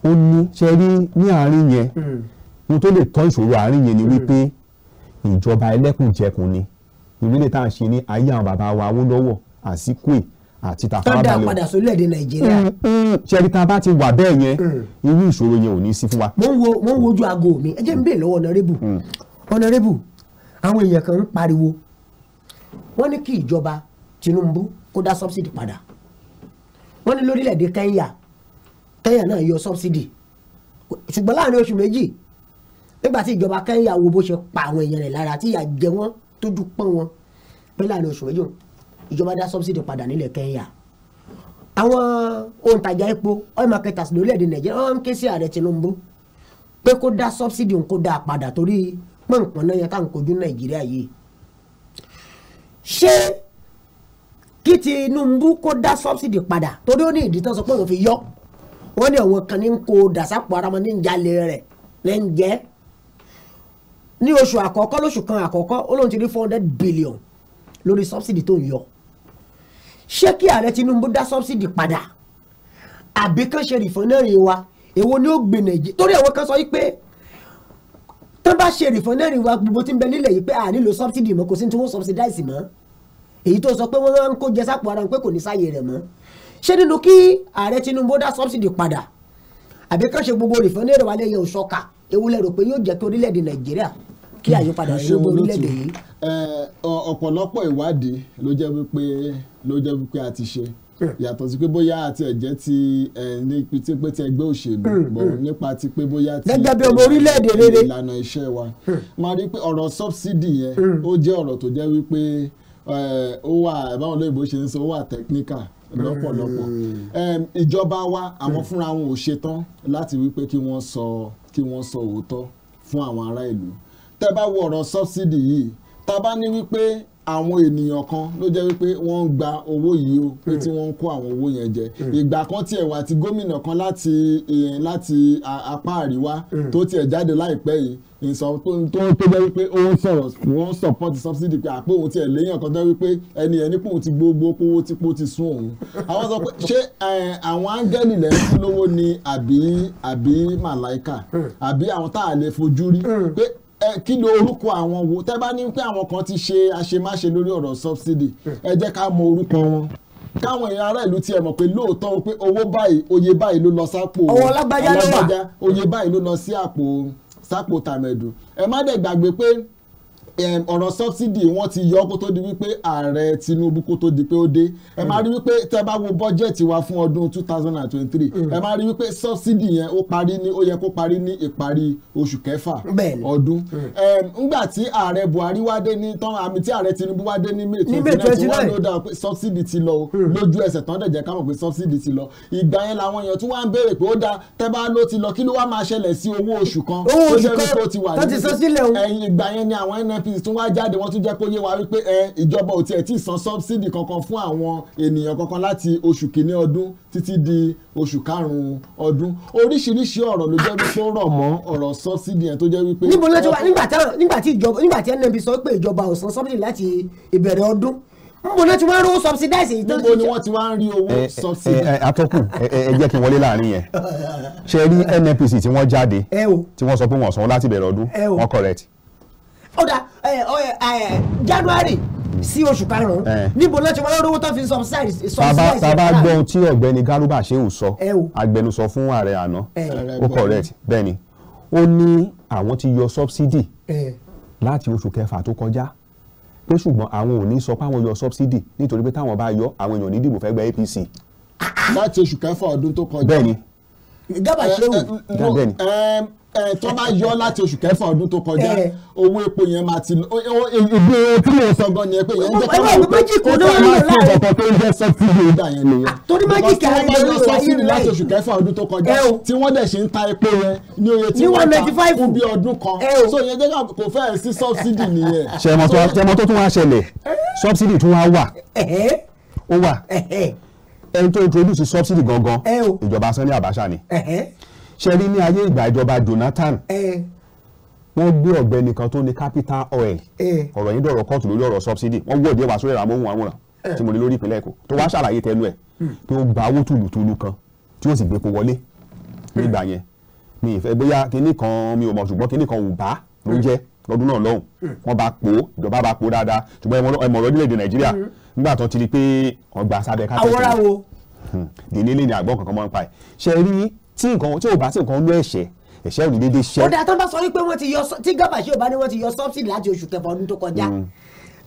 Speaker 2: ó ní ṣe rí ní àárín yẹn hmm. ohun tó lè tán ìṣòro àárín yẹn ni hmm. wípé ìjọba ẹlẹ́kùnjẹkùn ni ìrírí tá à ń ṣe ní ayé àwọn bàbá wa Awólọ́wọ́ Àsíkúè àti Tafawa Balewa. tọ́da padà sórílẹ̀-èdè Nàìjíríà. Hmm, ṣẹ́rí tá a bá ti wà bẹ́ẹ̀ yẹn irú ìṣòro yẹn ò ní sí fún wa. mo ń wojú aago mi
Speaker 1: ẹ jẹ́ n bèèrè lọ́wọ́ ọ̀nàrẹ́bù ọ̀nàrẹ́bù àwọn èèyàn kan ń pariwo wọ́n ní kí ìjọba Tinubu kó dá subsidy padà wọ́n ní lórílẹ̀-èdè Kẹ́ńyà Kenya náà yọ subsidy ṣùgbọ́n láàrin oṣù méjì nígbà tí ìjọba Kenya wo bó ṣe pa àwọn èèyàn rẹ̀ lára tí ìyà jẹ wọ́n tó dúpọ́n wọn pé láàrin oṣù méjì ìjọba dá subsidy padà nílẹ̀ Kenya àwọn òǹtajà epo oil marketers lórílẹ̀‐èdè Nàìjíríà wọ́n ń ké sí ààrẹ Tinubu pé kó dá subsidy kó dá padà torí pọ̀npọ̀n náà yẹn ká ń kojú Nàìjíríà yìí ṣé kí Tinubu kó dá subsidy padà torí ó ní ìdí tán sọ pé òun fi yọ wọ́n ní àwọn kan ní ń kó dàsápọ̀ ara wọn ní ń jalè rẹ̀ ní ń jẹ́ ní oṣù àkọ́kọ́ lóṣù kan àkọ́kọ́ ó ti rí four hundred billion lórí subsidy tó ń yọ ṣé kí ààrẹ Tinubu dá subsidy padà àbí kán ṣe rìfọ́nẹ́rì wa èwo ni ó gbé nàìjíríà torí àwọn kan sọ yìí pé tán bá ṣe rìfọ́nẹ́rì wa gbogbo tí ń bẹ nílẹ̀ yìí pé a nílò subsidy mọ́ kò sí ní tí wọ́n subsidize mọ́ èyí tó sọ pé wọ́n ń kó jẹ sápò ara pé kò ní sáyè rẹ̀ mọ́ ṣé nínú kí ààrẹ Tinubu dá subsidy padà àbí kàn ṣe gbogbo rìfẹ́ndẹ̀rẹ̀ wálé yẹn òṣọ́ka ewu lẹ́rù pé yóò jẹ́ kí orílẹ̀-èdè Nàìjíríà kí hmm. àyípadà ṣe orílẹ̀-èdè yìí.
Speaker 3: ọ̀pọ̀lọpọ̀ ìwádìí ló jẹ́ wípé ló jẹ́ wípé a ti ṣe hmm. yàtọ̀ sí pé bóyá àti ẹ̀jẹ̀ ti ní pé ti ẹgbẹ́ òṣèlú hmm, bọ̀ nípa ti pé bóyá ti ìlànà iṣẹ́ wa máa rí pé ọ̀rọ̀ sọ́bsidì yẹn ó jẹ́ ọ̀rọ̀ tó jẹ́ wípé ó wà báwọn olóyìnbó ṣe ń sọ ó wà technical lọ́pọ̀lọpọ̀ hmm. ìjọba wa àwọn hmm. fúnra wọn ò ṣetán láti wípé kí wọ́n sọ kí wọ́n sọ òótọ́ fún àwọn ará ìlú tẹ́ bá wo ọ̀rọ̀ subsidy yìí tá a bá ní wípé àwọn ènìyàn kan ló jẹ́ wípé wọ́n ń gba owó yìí o pé tí hmm. wọ́n ń kó àwọn owó yẹn jẹ hmm. ìgbà kan tiẹ̀ wà tí gómìnà kan láti láti apá àríwá hmm. tó tiẹ̀ jáde láìpẹ́ yìí ìsọ tó tó jẹ́ wípé ó ń sọ̀rọ̀ wọ́n support subsidy pé àpò òun ti ẹ̀ léyìn ọ̀kan jẹ́ wípé ẹni ẹni pòun ti gbogbo owó tí pò ti sún òun. àwọn sọ pé ṣé àwọn áńgẹ́lì lẹ́ ń lówó ni àbí àbí màláìkà àbí àwọn tá a lè kí ló orúkọ àwọn wo tẹ́ bá ní pé àwọn kan ti ṣe àṣemáṣe lórí ọ̀rọ̀ subsidy ẹ jẹ́ ká mọ orúkọ wọn káwọn èèyàn ará ìlú tiẹ̀ mọ̀ pé lóòótọ́ pé owó báyìí oyè báyìí ló lọ sápò ọwọ́ ọlágbájá oyè báyìí ló lọ sí àpò sápò tàmẹ̀dù ẹ má dẹ̀ gbàgbé pé ọ̀rọ̀ subsidy wọ́n ti yọ kó tó di wípé ààrẹ Tinubu kó tó di pé ó dé ẹ máa rí wípé tẹ́ bá wo bọ́jẹ̀tì wa fún ọdún two thousand and twenty three mm. ẹ máa rí wípé subsidy yẹn ó parí ní ó yẹ kó parí ní ìparí oṣù kẹfà ọdún ngbà mm. tí ààrẹ Buhari wá dé ní tán àmì tí ààrẹ Tinubu wá dé ní May twenty nine tí wọ́n ló dáa pé subsidy ti lọ mm. lójú ẹsẹ̀ tán dẹ̀jẹ̀ ká mọ̀ pé subsidy ti lọ ìgbà yẹn làwọn èèyàn tún wá ń béèrè pé ó dáa tẹ́ bá ló ti lọ kí ló wá máa ṣẹlẹ̀ sí owó oṣù kan owó oṣù kan tó ti wà ní ẹ̀yìn ìgbà yẹn ni àwọn nf peace tún wá jáde wọ́n tún jẹ́ kó yé wa wípé ẹ ìjọba ò tiẹ̀ tí ì san subsidy kankan fún àwọn ènìyàn kankan láti oṣù kìíní ọdún títí di oṣù karùn-ún ọdún oríṣiríṣi ọ̀rọ̀ ló jẹ́ wípé ó rọ̀ mọ́ ọ̀rọ̀ subsidy yẹn tó jẹ́ wípé. níbo ló ti wá nígbà tí ìjọba nígbà tí NNB sọ pé ìjọba ò san subsidy láti ìbẹ̀rẹ̀
Speaker 1: ọdún níbo ló ti wá ń rówó subsidize èyí tó ti jẹ́. níbo ni wọ́n ti wá ń rí owó subsidy.
Speaker 2: atọ́kùn ẹ jẹ́ kí n wọlé láàrin yẹn ṣe rí NNPC tí wọ́n jáde tí wọ́n sọ pé wọ́n sanwó láti bẹ̀rẹ̀ ọdún wọ́n correct
Speaker 1: ọ̀dà January sí oṣù karùn-ún níbo láti wọn lọ́wọ́ tó fi subsidize. bàbá bàbá gbọ́ ohun
Speaker 2: tí ọ̀gbẹ́ni Garuba Shehu sọ agbẹnusọ fún ààrẹ àná ó correct bẹ́ẹ̀ ni ó ní àwọn ti yọ subsidy láti oṣù kẹfà tó kọjá pé ṣùgbọ́n àwọn ò ní sọ pé àwọn yọ subsidy nítorí pé táwọn bá yọ àwọn èèyàn ní dìbò fẹ́ gba APC. láti oṣù kẹfà
Speaker 3: ọdún tó kọjá. bẹ́ẹ̀ ni Garuba Shehu. bẹ́ẹ̀ ni tó bá yọ láti oṣù kẹfà ọdún tó kọjá owó epo yẹn máa ti ìgbé tí mo sọ gan ni ẹ pé yẹn jẹ́ ká wọ́n pé kó tó máa fi ìjọba tó ń jẹ́ sọ́fìdì ìdá yẹn nìyẹn ah, torí májìkì ayé ló yọ sọ́fìdì láti oṣù kẹfà ọdún tó kọjá tí wọ́n dẹ̀ ṣe ń ta epo yẹn ní oye tí wọ́n ta fún bí ọdún kan so yẹn jẹ́ kó fẹ́ sí sọ́fìdì nìyẹn. sẹ́mọ
Speaker 2: tó tún wá ṣẹlẹ̀ sọ́fìdì tún wá wà ẹni tó introduce sọ́fìdì gangan ìjọba Sani Abacha ni ṣe rí ní ayé ìgbà ìjọba Jonathan wọ́n gbé ọ̀gbẹ́ni kan tó ní capital oil ọ̀rọ̀ yìí dọ̀rọ̀ kóòtù lórí ọ̀rọ̀ subsidy wọ́n wọ̀ díẹ̀ wá sórí ẹ̀rọ amóhùn àwòrán tí mo ní lórí ìpínlẹ̀ Èkó tó wá ṣàlàyé tẹnu ẹ̀ pé ó gba owó tùlùtùlù kan tí ó sì gbépo wọlé nígbà yẹn mi ìfẹ́ bóyá kinní kan mi ò mọ̀ ṣùgbọ́n kinní kan ò bá ló jẹ́ lọ́dún náà lọ́hùn wọ́n bá po ìjọba bá po dáadáa ṣùgbọ́n ẹmọ orílẹ̀-èdè Nàìjíríà mm-hmm. nígbà tó ti rí pé ọgbà sábẹ́ ká tẹ̀sán dèní lè ní àgbọ̀ kankan mọ́ ń ẹ̀ ṣe tí nǹkan tí ò bá sí nǹkan ló ẹ̀ṣẹ̀ ẹ̀ṣẹ̀ ò ní déédéé ṣẹ́. ó dáa
Speaker 1: tó bá sọ wípé wọ́n ti yọ tí Garba Shehu bá ní wọ́n ti yọ subsidy láti oṣù kẹfà ọdún tó kọjá mm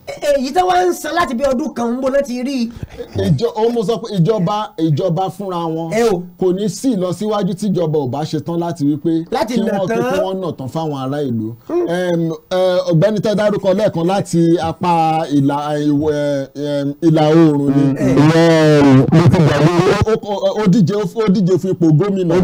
Speaker 1: èyí tí wọ́n ń san
Speaker 3: láti bí ọdún kan ń bọ̀ láti rí. ìjọ ó mú sọ pé ìjọba ìjọba fúnra wọn kò ní sí ìlọsíwájú tíjọba ò bá ṣe tán láti wípé kí wọ́n tó kí wọ́n nà tán fáwọn ará ìlú. Hmm. ọ̀gbẹ́ni tẹ́ dárúkọ lẹ́ẹ̀kan láti apá ìlà oòrùn ni. Hmm. ó díje ó díje fún ipò gómìnà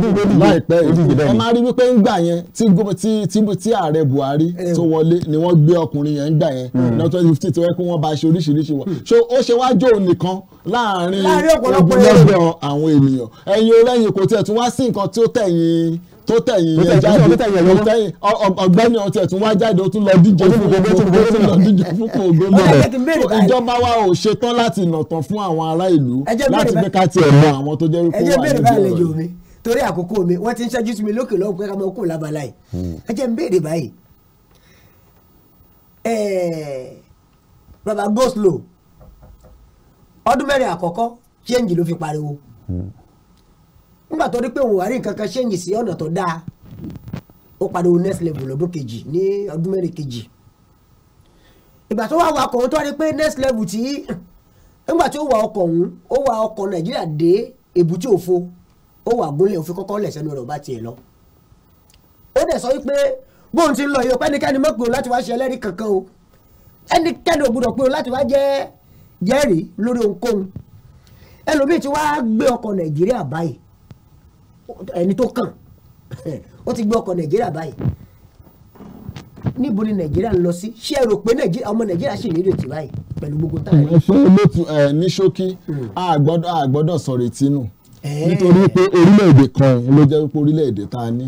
Speaker 3: láìpẹ́ yìí ẹ máa rí wípé ńgbà yẹn tí ààrẹ Buhari tó wọlé ni wọ́n gbé ọkùnrin yẹn ńgbà yẹn hmm. ní twenty fifteen tó yẹ kó wọ́n bá ṣe oríṣiríṣi wọ̀ so ó ṣe wá jó nìkan láàrin ogúnlọ́gbọ̀n àwọn ènìyàn ẹ̀yin orẹ́yìn kò tiẹ̀ tún wá sí nǹkan tí ó tẹ̀yìn tó tẹ̀yìn yẹn jáde ọ̀gbẹ́ni ọtí ẹ̀ tún wá jáde ó tún lọ díje fún kò gómìnà ìjọba wa ò ṣetán láti nàtàn fún àwọn ará ìlú láti pé ká tiẹ̀ mọ àwọn tó jẹ́ wípé
Speaker 4: wà lójú
Speaker 1: ọ̀rọ̀ mi torí àkókò mi wọ́n ti ń ṣẹ́jú sí mi lókè lọ́wọ́ pé ká máa kó lábala yìí hmm. ẹ jẹ́ ń béèrè báyìí bàbá go slow ọdún mẹ́rin àkọ́kọ́ ṣéǹjì ló fi pariwo nígbà tó rí pé òun wà rí nǹkan sí ọ̀nà tó dáa ó pariwo next level lọ́dún kejì ní ọdún mẹ́rin kejì ìgbà tó wà wakọ̀ tó rí pé next level tí nígbà tí ó wà ọkọ̀ ọ̀hún ó wà ọkọ̀ nàìjíríà dé èbúté òfo ó wà gúnlẹ̀ òfin kọ́kọ́ lẹ̀ sẹ́nu rẹ̀ ọba tiẹ̀ lọ ó dẹ̀ sọ wípé bóun ti ń lọ yìí ọ̀pẹ́nikẹ́ni mọ́pẹ́ láti wá ṣe ẹlẹ́rìí kankan o ẹnikẹ́ni ò gbọdọ̀ pinnu láti wá jẹ́ jẹ́rìí lórí ohunkóhun ẹlòmíì ti wá gbé ọkọ̀ nàìjíríà báyìí ẹni tó kàn ó ti gbé ọkọ̀ nàìjíríà báyìí níbo ni nàìjíríà ń lọ sí ṣé ẹ rò pé ọmọ nàìjíríà ṣì nílò tì báyìí pẹ̀lú gbogbo
Speaker 4: táyà. pé
Speaker 3: lótú ẹ ní ṣókí hmm. a gbọ́dọ̀ sọ retí nù nítorí pé orílẹ̀-èdè kan ló jẹ́ pé orílẹ̀-èdè tá a ní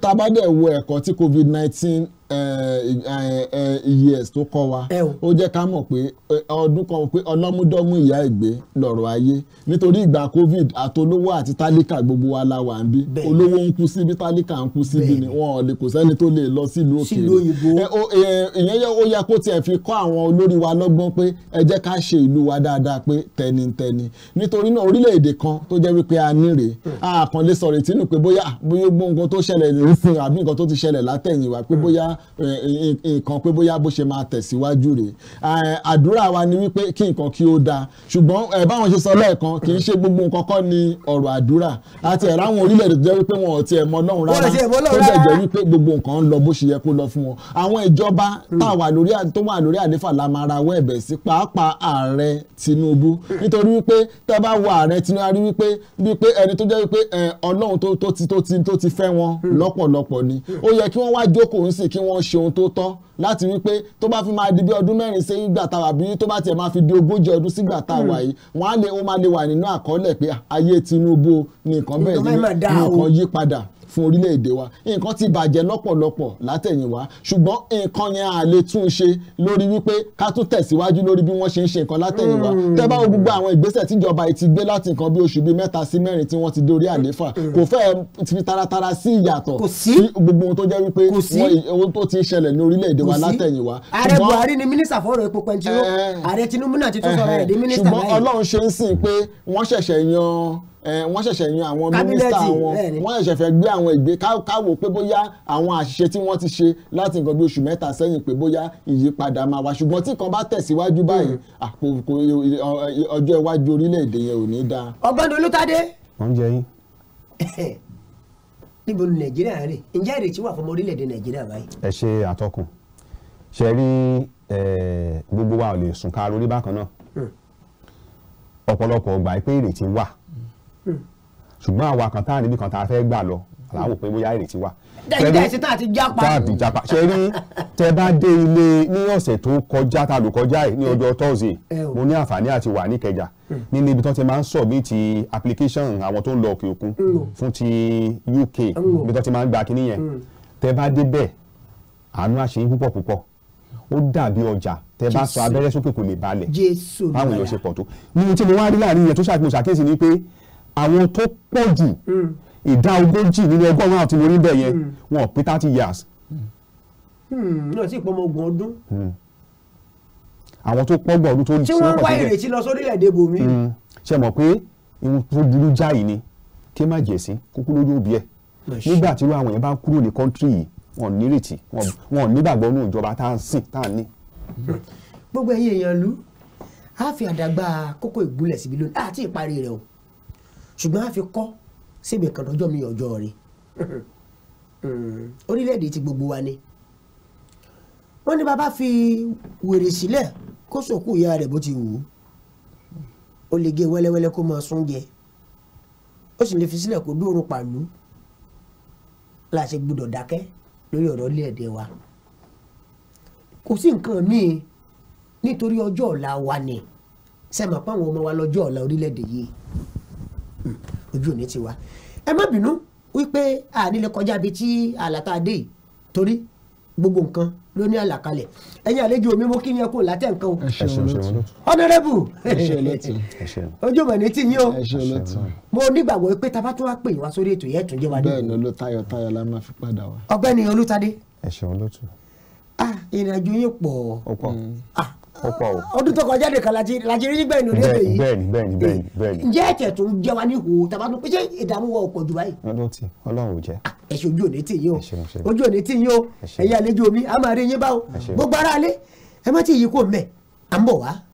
Speaker 3: tá a bá dẹ̀ wo ẹ̀kọ́ tí covid nineteen Eh, eh, eh, years tó kọ́ wa ó jẹ́ ká mọ̀ pé ọdún kan pé ọlọ́múdọ́mú ìyá ìgbé lọ̀rọ̀ ayé nítorí ìgbà covid àtolówó àti tálíkà gbogbo wa la wà ń bí olówó ń kú síbi tálíkà ń kú síbi ni wọn ò lè kò sẹ́ni tó lè lọ sílùú òkèèrè ìyẹn yẹ ó yẹ kó tiẹ̀ fi kọ́ àwọn olórí wa lọ́gbọ́n pé ẹ jẹ́ ká ṣe ìlú wa dáadáa pé tẹnitẹni nítorí náà orílẹ̀-èdè kan tó jẹ́ wípé a níre àkànlé hmm. sọ̀rọ̀ nǹkan pé bóyá bó ṣe máa tẹ̀síwájú rèé eh, àdúrà wa ni wípé kí nǹkan kí ó dáa ṣùgbọ́n ẹ eh, báwọn ṣe sọ lẹ́ẹ̀kan kì í ṣe gbogbo nǹkan kọ́ ni ọ̀rọ̀ àdúrà àti ẹ̀rọ àwọn orílẹ̀-èdè tó jẹ́ wípé wọn ò tiẹ̀ mọ Ọlọ́run rárá tó dẹ̀ jẹ́ wípé gbogbo nǹkan ń lọ bó ṣe yẹ kó lọ fún wọn àwọn ìjọba táwa lórí tó wà lórí àléfà la máa rawọ́ ẹ̀bẹ̀ sí pàápàá ààrẹ Tinubu nítorí wípé tá a bá wo ààrẹ Tinubu a rí tó jẹ́ wípé eh, Ọlọ́run hmm. ni ó yẹ kí wọ́n wá jókòó ń sìn kí wọn ṣe ohun tó tọ́ láti wípé tó bá fi máa di bí ọdún mẹ́rin sí ìgbà tá a wà bí tó bá tiẹ̀ máa fi di ogójì ọdún sígbà tá a wà yìí wọ́n á lè wọ́n máa lè wà nínú àkọọ́lẹ̀ pé ayé Tinubu nìkan bẹ́ẹ̀ nìkan yí padà fún orílẹ̀-èdè wa nǹkan ti bàjẹ́ lọ́pọ̀lọpọ̀ látẹ̀yìnwá ṣùgbọ́n nǹkan yẹn à lè tún ṣe lórí wípé ká tún tẹ̀síwájú lórí bí wọ́n ṣe ń ṣe nǹkan látẹ̀yìnwá hmm. tẹ́ bá wo gbogbo àwọn ìgbésẹ̀ tíjọba ti gbé láti nǹkan bí oṣù bíi mẹ́ta sí mẹ́rin tí wọ́n ti dórí àléfà hmm. kò fẹ́ fi taratara sí ìyàtọ̀ sí gbogbo ohun tó jẹ́ wípé ohun tó ti ń ṣẹlẹ̀ ní orílẹ̀-èdè wa látẹ̀yìnwá. ààrẹ Buhari
Speaker 1: ni mínísítà fọ́rọ̀ epo pẹntiró eh. ààrẹ Tinubu náà ti tún sọ̀rọ̀ ẹ̀ di mínísítà báyìí. ṣùgbọ́n
Speaker 3: Ọlọ́run ṣe ń sìn pé wọ́n ṣẹ̀ṣẹ̀ yan wọ́n ṣẹ̀ṣẹ̀ yan àwọn mínísítà wọn wọ́n ṣẹ̀ṣẹ̀ fẹ́ gbé àwọn ìgbé káwò pé bóyá àwọn àṣìṣe tí wọ́n ti ṣe láti nǹkan bí oṣù mẹ́ta sẹ́yìn pé bóyá ìyípadà máa wá ṣùgbọ́n tí kan bá tẹ̀síwájú báyìí hmm. àpò ọjọ́ iwájú orílẹ̀-èdè yẹn ò ní dáa.
Speaker 1: ọ̀gbẹ́ni Olútádé. wọ́n ń jẹ yín (laughs) níbo ni nàìjíríà rè ǹjẹ́ ìrètí wà fún ọmọ orílẹ̀-èdè nàìjíríà báyìí.
Speaker 2: ẹ ṣe àtọkùn wa ò lè sùn ká lórí bákan náà hmm. ọ̀pọ̀lọpọ̀ ṣùgbọ́n àwa kan níbi kan tá a fẹ́ gbà lọ làwọn pé bóyá ìrètí wà. dáadáa ṣe tá a ti japa. tá a ti japa ṣe rí tẹ bá dé ilé ní ọ̀sẹ̀ tó kọjá tá a lò kọjá yìí ní ọjọ́ Thursday eh, eh, mo ní àǹfààní àti wà ní Ìkẹjà hmm. nínú ibi tó ti máa ń submit application àwọn tó ń lọ òkè òkun hmm. fún ti UK hmm. ibi tó ti máa ń gba kinní yẹn tẹ bá dé bẹ́ẹ̀ àánú àṣeyín púpọ̀ púpọ̀ ó dàbí ọjà tẹ bá sọ abẹ́rẹ́ sókè kò lè balẹ̀ báwọn èèyàn ṣe pọ̀ tó nínú tí mo àwọn tó pọ̀ jù hmm. ìdá ogójì nínú ọgọ́rùn-ún àti mo rí bẹ́ẹ̀ yẹn wọn ò pé thirty years.
Speaker 1: Hmm. náà sì pọ̀ ọmọ ogun ọdún.
Speaker 2: Hmm. àwọn tó pọ̀ ọgbọ̀n ọdún tó ń sọ́kọ̀ síbẹ̀. tí wọ́n ń wá ìrètí lọ sórílẹ̀-èdè bòmí. ṣe mọ̀ pé ohun tó burú jáì ni kí má jẹ̀sí kúkú lójú òbí ẹ̀ nígbà tí irú àwọn yẹn bá kúrò ní kọ́ńtírì yìí wọn ò nírètí wọn ò nígbàgbọ́ nínú ìjọba tá à ń sìn tá à ń ní.
Speaker 1: gbogbo ẹ̀yin èèyàn lù á fi àdàgbà kókó ìgbúlẹ̀ síbi lónìí àti ìparí rẹ̀ o ṣùgbọ́n a fi kọ́ síbi kan lọ́jọ́ mi ọjọ́ rí (laughs) orílẹ̀-èdè ti gbogbo wa ni wọ́n ní bàbá fi wèrè sílẹ̀ kó sòkú ìyá rẹ̀ bó ti wù ú ó lè gé wẹ́lẹ́wẹ́lẹ́ kó máa sún jẹ ó sì lè fi sílẹ̀ kó dóorun pàlú láti gbọ́dọ̀ dákẹ́ lórí ọ̀rọ̀ orílẹ̀-èdè wa kò sí nǹkan míì nítorí ọjọ́ ọ̀la wa ni sẹ́mi àpá àwọn ọmọ wa lọ́jọ́ ọ̀la orílẹ̀-èdè yìí Hmm, ojú òní ti wá ẹ má bínú wípé ànílẹ kọjá bíi tí àlàtà dé yìí torí gbogbo nǹkan ló ní àlàkalẹ̀ ẹ̀yin àlejò mi mo kí ni ẹ kú látẹ̀ nǹkan o. ọ̀nàrẹ́bù ojú mọ̀ ní ti yín o mo nígbàgbọ́ pé tá bá tún wá pè wá sórí ètò yẹn tún jẹ́ wá dé. bẹ́ẹ̀ ni olùtayọ̀ tayọ̀ la máa fi padà wá. ọ̀gbẹ́ni olùtadé. ẹ ṣeun lótú. ah ìrìnàjò yín pọ̀. ó pọ̀. Hmm. ah ọdún tó kọjá nìkan lajì rí nígbà ìnú nílé yìí bẹ́ẹ̀ni bẹ́ẹ̀ni bẹ́ẹ̀ni eh, bẹ́ẹ̀ni. ǹjẹ́ ẹ̀jẹ̀ tó ń jẹ wa ní ìhòòhò tàbá tó pèsè ìdààmú wa ò pọ̀ jù báyìí. ọdún tí Ọlọ́run ò jẹ. Ah, ẹ ṣe ojú òní tì yín o ojú òní tì yín o ẹ̀yin àlejò mi a máa rí yín báwo gbogbo ara alẹ́ ẹ má ti yí kó mẹ́ à ń bọ̀ wá.